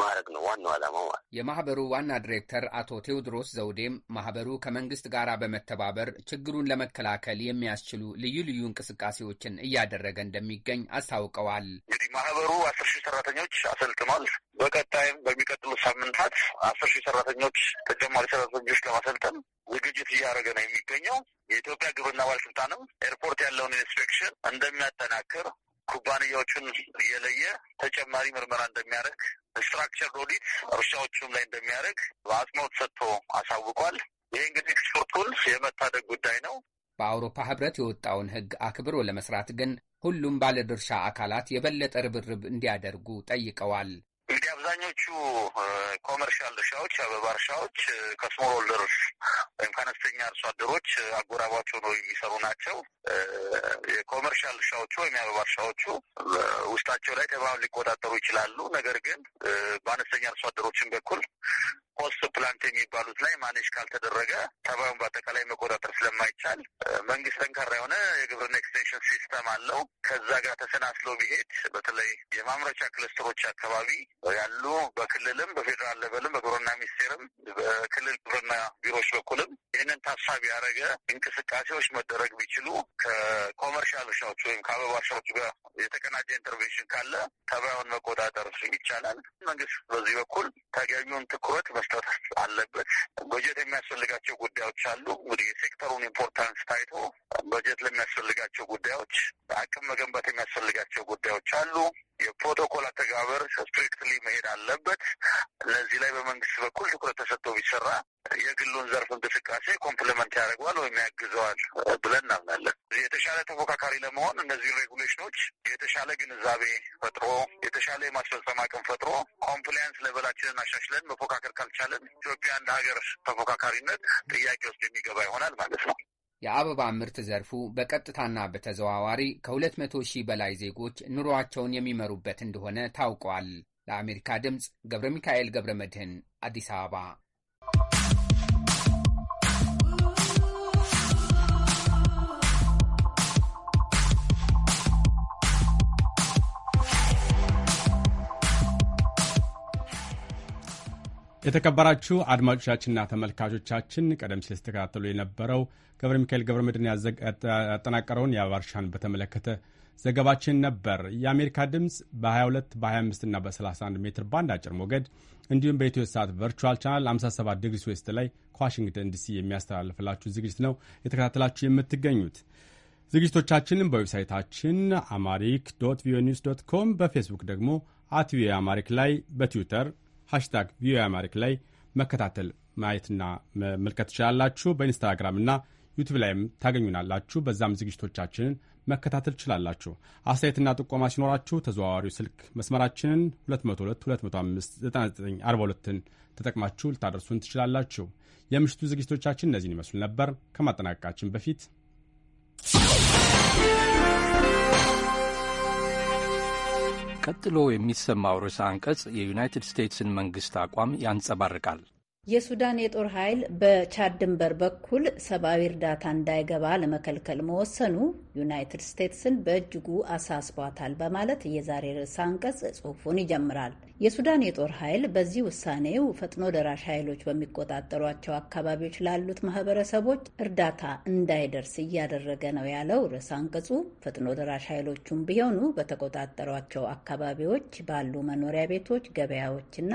ማድረግ ነው ዋናው ዓላማው ማለት። የማህበሩ ዋና ዲሬክተር አቶ ቴዎድሮስ ዘውዴም ማህበሩ ከመንግስት ጋር በመተባበር ችግሩን ለመከላከል የሚያስችሉ ልዩ ልዩ እንቅስቃሴዎችን እያደረገ እንደሚገኝ አስታውቀዋል። እንግዲህ ማህበሩ አስር ሺህ ሰራተኞች አሰልጥኗል። በቀጣይም በሚቀጥሉት ሳምንታት አስር ሺህ ሰራተኞች ተጨማሪ ሰራተኞች ለማሰልጠን ዝግጅት እያደረገ ነው የሚገኘው። የኢትዮጵያ ግብርና ባለስልጣንም ኤርፖርት ያለውን ኢንስፔክሽን እንደሚያጠናክር ኩባንያዎቹን እየለየ ተጨማሪ ምርመራ እንደሚያደርግ ስትራክቸር ኦዲት እርሻዎቹም ላይ እንደሚያደርግ በአጽንኦት ሰጥቶ አሳውቋል። ይህ እንግዲህ ኤክስፖርቱን የመታደግ ጉዳይ ነው። በአውሮፓ ህብረት የወጣውን ህግ አክብሮ ለመስራት ግን ሁሉም ባለድርሻ አካላት የበለጠ ርብርብ እንዲያደርጉ ጠይቀዋል። እንግዲህ አብዛኞቹ ኮመርሻል እርሻዎች፣ አበባ እርሻዎች ከስሞል ሆልደሮች ወይም ከአነስተኛ አርሶ አደሮች አጎራባች ሆነው የሚሰሩ ናቸው። የኮመርሻል እርሻዎቹ ወይም የአበባ እርሻዎቹ ውስጣቸው ላይ ተባብ ሊቆጣጠሩ ይችላሉ። ነገር ግን በአነስተኛ አርሶ አደሮችን በኩል ሆስት ፕላንት የሚባሉት ላይ ማኔጅ ካልተደረገ ተባዩን በአጠቃላይ መቆጣጠር ስለማይቻል መንግስት ጠንካራ የሆነ የግብርና ኤክስቴንሽን ሲስተም አለው። ከዛ ጋር ተሰናስሎ ቢሄድ በተለይ የማምረቻ ክለስተሮች አካባቢ ያሉ በክልልም በፌዴራል ሌቨልም በግብርና ሚኒስቴርም በክልል ግብርና ቢሮዎች በኩልም ይህንን ታሳቢ ያደረገ እንቅስቃሴዎች መደረግ ቢችሉ ከኮመርሻል እርሻዎች ወይም ከአበባ እርሻዎቹ ጋር የተቀናጀ ኢንተርቬንሽን ካለ ተባዩን መቆጣጠር ይቻላል። መንግስት በዚህ በኩል ተገቢውን ትኩረት መስጠት አለበት። በጀት የሚያስፈልጋቸው ጉዳዮች አሉ። እንግዲህ የሴክተሩን ኢምፖርታንስ ታይቶ በጀት ለሚያስፈልጋቸው ጉዳዮች፣ አቅም መገንባት የሚያስፈልጋቸው ጉዳዮች አሉ። የፕሮቶኮል አተገባበር ስትሪክትሊ መሄድ አለበት። ለዚህ ላይ በመንግስት በኩል ትኩረት ተሰጥቶ ቢሰራ የግሉን ዘርፍ እንቅስቃሴ ኮምፕሊመንት ያደርገዋል ወይም ያግዘዋል ብለን እናምናለን። የተሻለ ተፎካካሪ ለመሆን እነዚህ ሬጉሌሽኖች የተሻለ ግንዛቤ ፈጥሮ የተሻለ የማስፈጸም አቅም ፈጥሮ ኮምፕሊያንስ ሌቨላችንን አሻሽለን መፎካከር ካልቻለን ኢትዮጵያ እንደ ሀገር ተፎካካሪነት ጥያቄ ውስጥ የሚገባ ይሆናል ማለት ነው። የአበባ ምርት ዘርፉ በቀጥታና በተዘዋዋሪ ከ200 ሺህ በላይ ዜጎች ኑሮአቸውን የሚመሩበት እንደሆነ ታውቋል። ለአሜሪካ ድምፅ ገብረ ሚካኤል ገብረ መድህን አዲስ አበባ። የተከበራችሁ አድማጮቻችንና ተመልካቾቻችን ቀደም ሲል ስተከታተሉ የነበረው ገብረ ሚካኤል ገብረ መድን ያጠናቀረውን የአባርሻን በተመለከተ ዘገባችን ነበር። የአሜሪካ ድምፅ በ22 በ25 እና በ31 ሜትር ባንድ አጭር ሞገድ እንዲሁም በኢትዮ ሰዓት ቨርቹዋል ቻናል 57 ዲግሪ ስዌስት ላይ ከዋሽንግተን ዲሲ የሚያስተላልፍላችሁ ዝግጅት ነው የተከታተላችሁ የምትገኙት። ዝግጅቶቻችንን በዌብሳይታችን አማሪክ ዶት ቪኦኤ ኒውስ ዶት ኮም፣ በፌስቡክ ደግሞ አት ቪኦኤ አማሪክ ላይ፣ በትዊተር ሃሽታግ ቪኦኤ አማሪክ ላይ መከታተል ማየትና መልከት ትችላላችሁ። በኢንስታግራም እና ዩቱብ ላይም ታገኙናላችሁ። በዛም ዝግጅቶቻችንን መከታተል ትችላላችሁ። አስተያየትና ጥቆማ ሲኖራችሁ ተዘዋዋሪው ስልክ መስመራችንን 202259942ን ተጠቅማችሁ ልታደርሱን ትችላላችሁ። የምሽቱ ዝግጅቶቻችን እነዚህን ይመስሉ ነበር። ከማጠናቀቃችን በፊት ቀጥሎ የሚሰማው ርዕሰ አንቀጽ የዩናይትድ ስቴትስን መንግሥት አቋም ያንጸባርቃል። የሱዳን የጦር ኃይል በቻድ ድንበር በኩል ሰብአዊ እርዳታ እንዳይገባ ለመከልከል መወሰኑ ዩናይትድ ስቴትስን በእጅጉ አሳስቧታል በማለት የዛሬ ርዕሰ አንቀጽ ጽሑፉን ይጀምራል። የሱዳን የጦር ኃይል በዚህ ውሳኔው ፈጥኖ ደራሽ ኃይሎች በሚቆጣጠሯቸው አካባቢዎች ላሉት ማህበረሰቦች እርዳታ እንዳይደርስ እያደረገ ነው ያለው ርዕሰ አንቀጹ ፈጥኖ ደራሽ ኃይሎቹም ቢሆኑ በተቆጣጠሯቸው አካባቢዎች ባሉ መኖሪያ ቤቶች፣ ገበያዎችና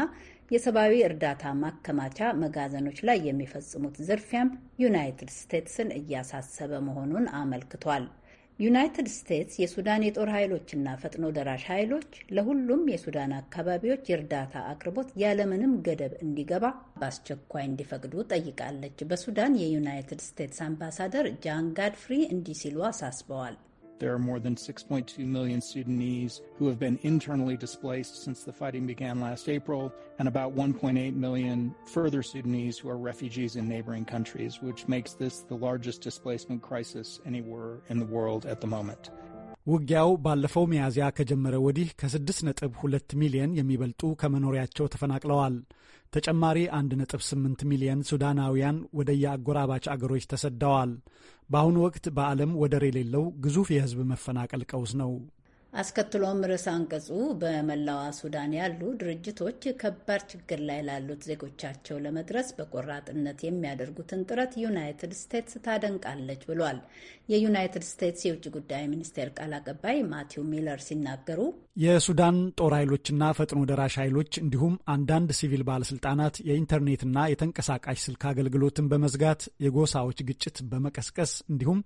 የሰብአዊ እርዳታ ማከማቻ መጋዘኖች ላይ የሚፈጽሙት ዝርፊያም ዩናይትድ ስቴትስን እያሳሰበ መሆኑን አመልክቷል። ዩናይትድ ስቴትስ የሱዳን የጦር ኃይሎችና ፈጥኖ ደራሽ ኃይሎች ለሁሉም የሱዳን አካባቢዎች የእርዳታ አቅርቦት ያለምንም ገደብ እንዲገባ በአስቸኳይ እንዲፈቅዱ ጠይቃለች። በሱዳን የዩናይትድ ስቴትስ አምባሳደር ጃን ጋድፍሪ እንዲህ ሲሉ አሳስበዋል። There are more than 6.2 million Sudanese who have been internally displaced since the fighting began last April, and about 1.8 million further Sudanese who are refugees in neighboring countries, which makes this the largest displacement crisis anywhere in the world at the moment. ውጊያው ባለፈው ሚያዝያ ከጀመረ ወዲህ ከ6.2 ሚሊዮን የሚበልጡ ከመኖሪያቸው ተፈናቅለዋል። ተጨማሪ 1.8 ሚሊዮን ሱዳናውያን ወደ የአጎራባች አገሮች ተሰደዋል። በአሁኑ ወቅት በዓለም ወደር የሌለው ግዙፍ የህዝብ መፈናቀል ቀውስ ነው። አስከትሎም ርዕሰ አንቀጹ በመላዋ ሱዳን ያሉ ድርጅቶች ከባድ ችግር ላይ ላሉት ዜጎቻቸው ለመድረስ በቆራጥነት የሚያደርጉትን ጥረት ዩናይትድ ስቴትስ ታደንቃለች ብሏል። የዩናይትድ ስቴትስ የውጭ ጉዳይ ሚኒስቴር ቃል አቀባይ ማቲው ሚለር ሲናገሩ የሱዳን ጦር ኃይሎችና ፈጥኖ ደራሽ ኃይሎች እንዲሁም አንዳንድ ሲቪል ባለስልጣናት የኢንተርኔትና የተንቀሳቃሽ ስልክ አገልግሎትን በመዝጋት የጎሳዎች ግጭት በመቀስቀስ እንዲሁም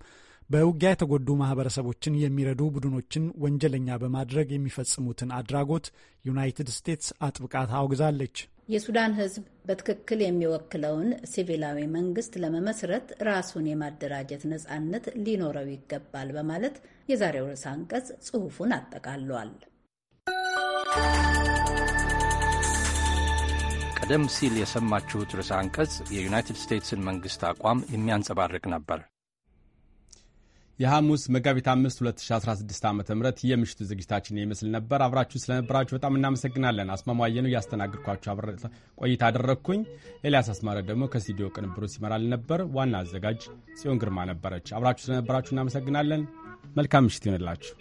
በውጊያ የተጎዱ ማህበረሰቦችን የሚረዱ ቡድኖችን ወንጀለኛ በማድረግ የሚፈጽሙትን አድራጎት ዩናይትድ ስቴትስ አጥብቃ አውግዛለች። የሱዳን ሕዝብ በትክክል የሚወክለውን ሲቪላዊ መንግስት ለመመስረት ራሱን የማደራጀት ነጻነት ሊኖረው ይገባል በማለት የዛሬው ርዕሰ አንቀጽ ጽሑፉን አጠቃሏል። ቀደም ሲል የሰማችሁት ርዕሰ አንቀጽ የዩናይትድ ስቴትስን መንግስት አቋም የሚያንጸባርቅ ነበር። የሐሙስ መጋቢት 5 2016 ዓ ም የምሽቱ ዝግጅታችን ይመስል ነበር። አብራችሁ ስለነበራችሁ በጣም እናመሰግናለን። አስማማየ ነው እያስተናግድኳችሁ አብረ ቆይታ አደረግኩኝ። ኤልያስ አስማረ ደግሞ ከስቱዲዮ ቅንብሩ ሲመራል ነበር። ዋና አዘጋጅ ጽዮን ግርማ ነበረች። አብራችሁ ስለነበራችሁ እናመሰግናለን። መልካም ምሽት ይሆንላችሁ።